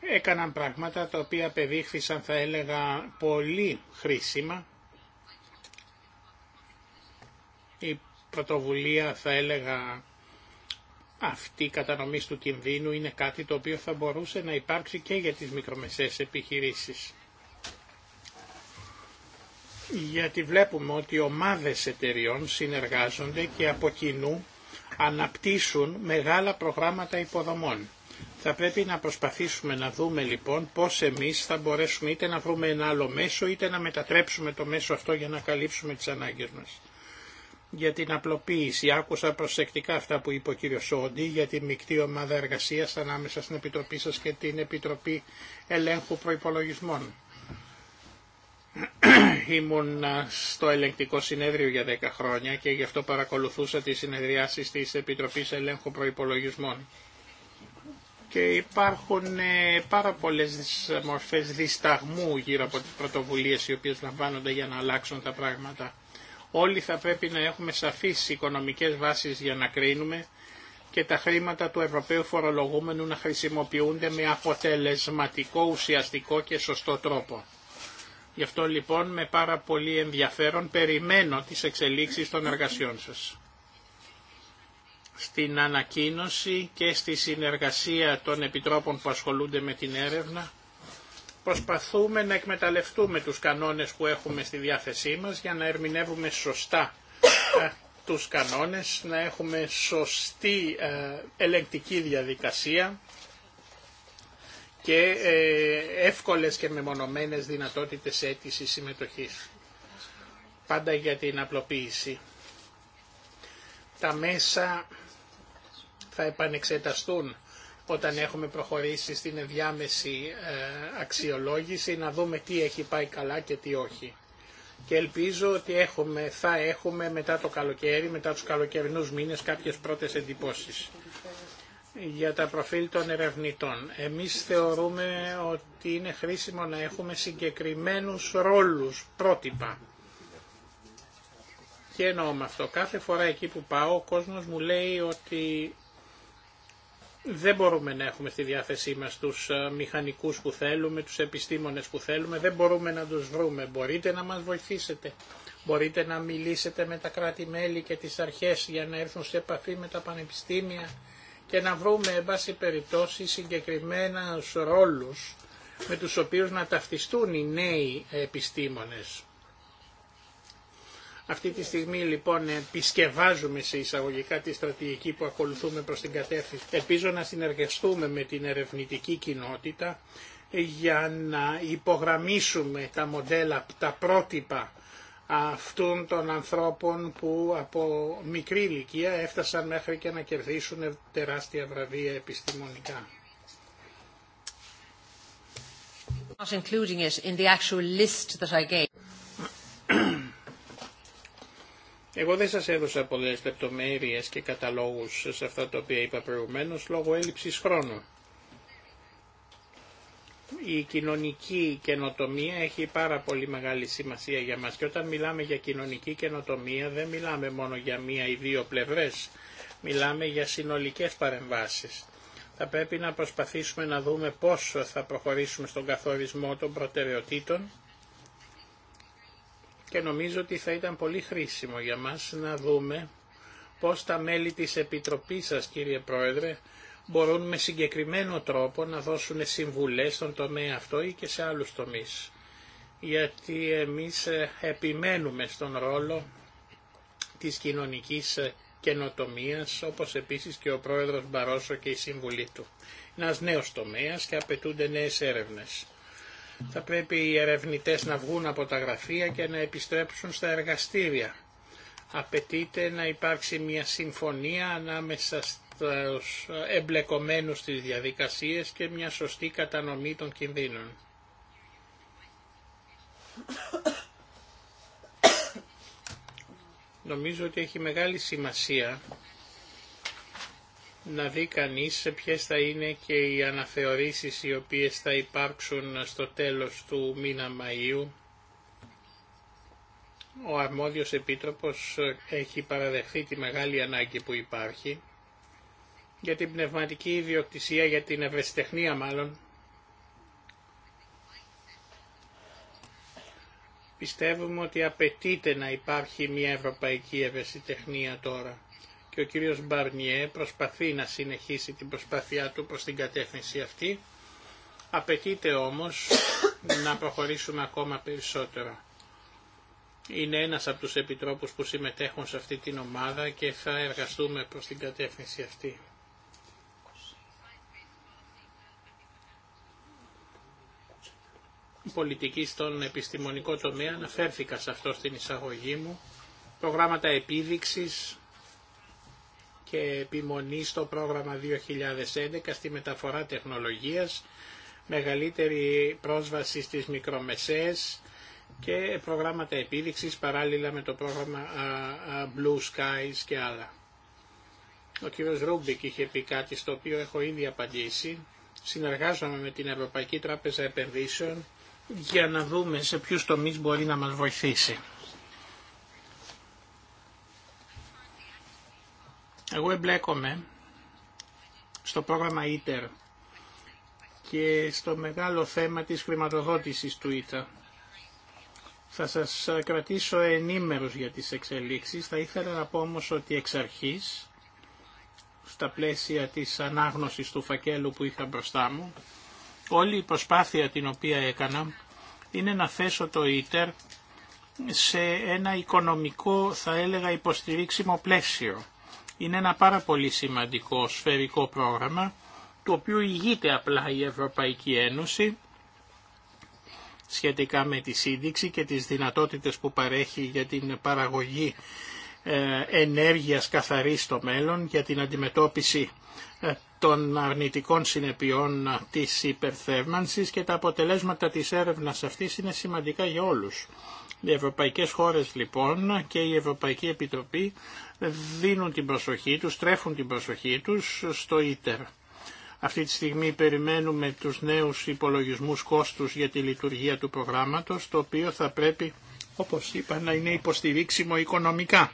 έκαναν πράγματα τα οποία απεδείχθησαν θα έλεγα πολύ χρήσιμα. Η πρωτοβουλία θα έλεγα αυτή η κατανομή του κινδύνου είναι κάτι το οποίο θα μπορούσε να υπάρξει και για τις μικρομεσαίες επιχειρήσεις. Γιατί βλέπουμε ότι ομάδες εταιριών συνεργάζονται και από κοινού αναπτύσσουν μεγάλα προγράμματα υποδομών. Θα πρέπει να προσπαθήσουμε να δούμε λοιπόν πώς εμείς θα μπορέσουμε είτε να βρούμε ένα άλλο μέσο είτε να μετατρέψουμε το μέσο αυτό για να καλύψουμε τις ανάγκες μας για την απλοποίηση. Άκουσα προσεκτικά αυτά που είπε ο κύριο Σόντι για τη μεικτή ομάδα εργασία ανάμεσα στην Επιτροπή σα και την Επιτροπή Ελέγχου προπολογισμών. Ήμουν στο ελεγκτικό συνέδριο για 10 χρόνια και γι' αυτό παρακολουθούσα τις συνεδριάσεις της Επιτροπής Ελέγχου Προϋπολογισμών. Και υπάρχουν ε, πάρα πολλές μορφές δισταγμού γύρω από τις πρωτοβουλίες οι οποίες λαμβάνονται για να αλλάξουν τα πράγματα. Όλοι θα πρέπει να έχουμε σαφείς οικονομικές βάσεις για να κρίνουμε και τα χρήματα του Ευρωπαίου φορολογούμενου να χρησιμοποιούνται με αποτελεσματικό, ουσιαστικό και σωστό τρόπο. Γι' αυτό λοιπόν με πάρα πολύ ενδιαφέρον περιμένω τις εξελίξεις των εργασιών σας. Στην ανακοίνωση και στη συνεργασία των επιτρόπων που ασχολούνται με την έρευνα προσπαθούμε να εκμεταλλευτούμε τους κανόνες που έχουμε στη διάθεσή μας για να ερμηνεύουμε σωστά ε, τους κανόνες, να έχουμε σωστή ε, ελεγκτική διαδικασία και ε, εύκολες και μεμονωμένες δυνατότητες αίτησης συμμετοχής. Πάντα για την απλοποίηση. Τα μέσα θα επανεξεταστούν όταν έχουμε προχωρήσει στην διάμεση ε, αξιολόγηση να δούμε τι έχει πάει καλά και τι όχι. Και ελπίζω ότι έχουμε, θα έχουμε μετά το καλοκαίρι, μετά τους καλοκαιρινούς μήνες κάποιες πρώτες εντυπώσεις για τα προφίλ των ερευνητών. Εμείς θεωρούμε ότι είναι χρήσιμο να έχουμε συγκεκριμένους ρόλους, πρότυπα. Και εννοώ με αυτό. Κάθε φορά εκεί που πάω ο κόσμος μου λέει ότι δεν μπορούμε να έχουμε στη διάθεσή μας τους ε, μηχανικούς που θέλουμε, τους επιστήμονες που θέλουμε, δεν μπορούμε να τους βρούμε. Μπορείτε να μας βοηθήσετε, μπορείτε να μιλήσετε με τα κράτη-μέλη και τις αρχές για να έρθουν σε επαφή με τα πανεπιστήμια και να βρούμε, εν πάση περιπτώσει, συγκεκριμένα ρόλους με τους οποίους να ταυτιστούν οι νέοι επιστήμονες. Αυτή τη στιγμή λοιπόν επισκευάζουμε σε εισαγωγικά τη στρατηγική που ακολουθούμε προς την κατεύθυνση. Ελπίζω να συνεργαστούμε με την ερευνητική κοινότητα για να υπογραμμίσουμε τα μοντέλα, τα πρότυπα αυτών των ανθρώπων που από μικρή ηλικία έφτασαν μέχρι και να κερδίσουν τεράστια βραβεία επιστημονικά. including in the actual list that I Εγώ δεν σας έδωσα πολλές λεπτομέρειες και καταλόγους σε αυτά τα οποία είπα προηγουμένως λόγω έλλειψης χρόνου. Η κοινωνική καινοτομία έχει πάρα πολύ μεγάλη σημασία για μας και όταν μιλάμε για κοινωνική καινοτομία δεν μιλάμε μόνο για μία ή δύο πλευρές, μιλάμε για συνολικές παρεμβάσεις. Θα πρέπει να προσπαθήσουμε να δούμε πόσο θα προχωρήσουμε στον καθορισμό των προτεραιοτήτων και νομίζω ότι θα ήταν πολύ χρήσιμο για μας να δούμε πώς τα μέλη της Επιτροπής σας κύριε Πρόεδρε μπορούν με συγκεκριμένο τρόπο να δώσουν συμβουλές στον τομέα αυτό ή και σε άλλους τομείς. Γιατί εμείς ε, επιμένουμε στον ρόλο της κοινωνικής ε, καινοτομίας, όπως επίσης και ο πρόεδρος Μπαρόσο και η συμβουλή του. Ένας νέος τομέας και απαιτούνται νέες έρευνες. Θα πρέπει οι ερευνητές να βγουν από τα γραφεία και να επιστρέψουν στα εργαστήρια. Απαιτείται να υπάρξει μια συμφωνία ανάμεσα στους εμπλεκομένους στις διαδικασίες και μια σωστή κατανομή των κινδύνων. Νομίζω ότι έχει μεγάλη σημασία να δει κανείς ποιες θα είναι και οι αναθεωρήσεις οι οποίες θα υπάρξουν στο τέλος του μήνα Μαΐου. Ο αρμόδιος επίτροπος έχει παραδεχθεί τη μεγάλη ανάγκη που υπάρχει για την πνευματική ιδιοκτησία, για την ευαισθητεχνία μάλλον. Πιστεύουμε ότι απαιτείται να υπάρχει μια ευρωπαϊκή ευαισθητεχνία τώρα και ο κύριος Μπαρνιέ προσπαθεί να συνεχίσει την προσπάθειά του προς την κατεύθυνση αυτή. Απαιτείται όμως να προχωρήσουμε ακόμα περισσότερο. Είναι ένας από τους επιτρόπους που συμμετέχουν σε αυτή την ομάδα και θα εργαστούμε προς την κατεύθυνση αυτή. πολιτική στον επιστημονικό τομέα, αναφέρθηκα σε αυτό στην εισαγωγή μου, προγράμματα επίδειξης, και επιμονή στο πρόγραμμα 2011 στη μεταφορά τεχνολογίας, μεγαλύτερη πρόσβαση στις μικρομεσαίες και προγράμματα επίδειξης παράλληλα με το πρόγραμμα Blue Skies και άλλα. Ο κύριος Ρούμπικ είχε πει κάτι στο οποίο έχω ήδη απαντήσει. Συνεργάζομαι με την Ευρωπαϊκή Τράπεζα Επενδύσεων για να δούμε σε ποιους τομείς μπορεί να μας βοηθήσει. Εγώ εμπλέκομαι στο πρόγραμμα ITER και στο μεγάλο θέμα της χρηματοδότησης του ITER. Θα σας κρατήσω ενήμερους για τις εξελίξεις. Θα ήθελα να πω όμως ότι εξ αρχής, στα πλαίσια της ανάγνωσης του φακέλου που είχα μπροστά μου, όλη η προσπάθεια την οποία έκανα είναι να θέσω το ITER σε ένα οικονομικό, θα έλεγα, υποστηρίξιμο πλαίσιο είναι ένα πάρα πολύ σημαντικό σφαιρικό πρόγραμμα το οποίο ηγείται απλά η Ευρωπαϊκή Ένωση σχετικά με τη σύνδεξη και τις δυνατότητες που παρέχει για την παραγωγή ε, ενέργειας καθαρής στο μέλλον, για την αντιμετώπιση ε, των αρνητικών συνεπειών της υπερθέρμανσης και τα αποτελέσματα της έρευνας αυτής είναι σημαντικά για όλους. Οι ευρωπαϊκές χώρες λοιπόν και η Ευρωπαϊκή Επιτροπή δίνουν την προσοχή τους, τρέφουν την προσοχή τους στο ίτερ. Αυτή τη στιγμή περιμένουμε τους νέους υπολογισμούς κόστους για τη λειτουργία του προγράμματος, το οποίο θα πρέπει, όπως είπα, να είναι υποστηρίξιμο οικονομικά.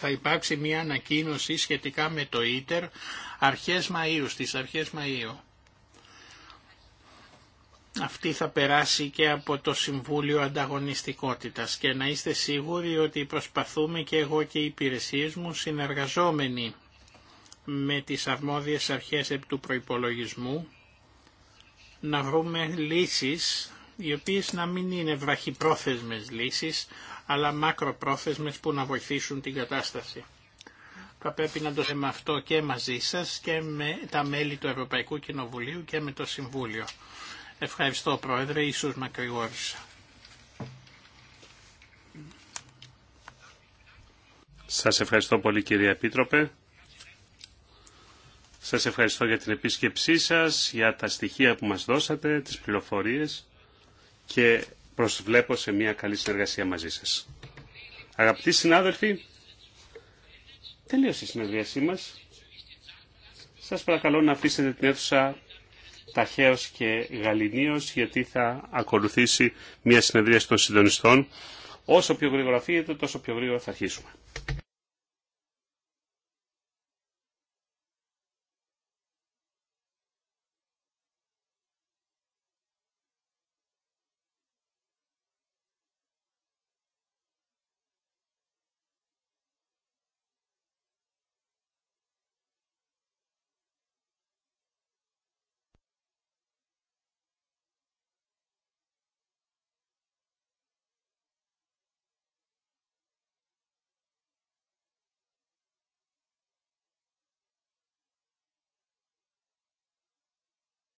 Θα υπάρξει μια ανακοίνωση σχετικά με το ίτερ αρχές Μαΐου, στις αρχές Μαΐου αυτή θα περάσει και από το Συμβούλιο Ανταγωνιστικότητας και να είστε σίγουροι ότι προσπαθούμε και εγώ και οι υπηρεσίε μου συνεργαζόμενοι με τις αρμόδιες αρχές του προϋπολογισμού να βρούμε λύσεις οι οποίες να μην είναι βραχυπρόθεσμες λύσεις αλλά μακροπρόθεσμες που να βοηθήσουν την κατάσταση. Θα πρέπει να το δούμε αυτό και μαζί σας και με τα μέλη του Ευρωπαϊκού Κοινοβουλίου και με το Συμβούλιο. Ευχαριστώ Πρόεδρε, ίσως μακρηγόρησα.
Σας ευχαριστώ πολύ κυρία Επίτροπε. Σας ευχαριστώ για την επίσκεψή σας, για τα στοιχεία που μας δώσατε, τις πληροφορίες και προσβλέπω σε μια καλή συνεργασία μαζί σας. Αγαπητοί συνάδελφοι, τελείωσε η συνεδρίασή μας. Σας παρακαλώ να αφήσετε την αίθουσα ταχαίως και γαληνίως γιατί θα ακολουθήσει μια συνεδρία των συντονιστών. Όσο πιο γρήγορα φύγετε, τόσο πιο γρήγορα θα αρχίσουμε.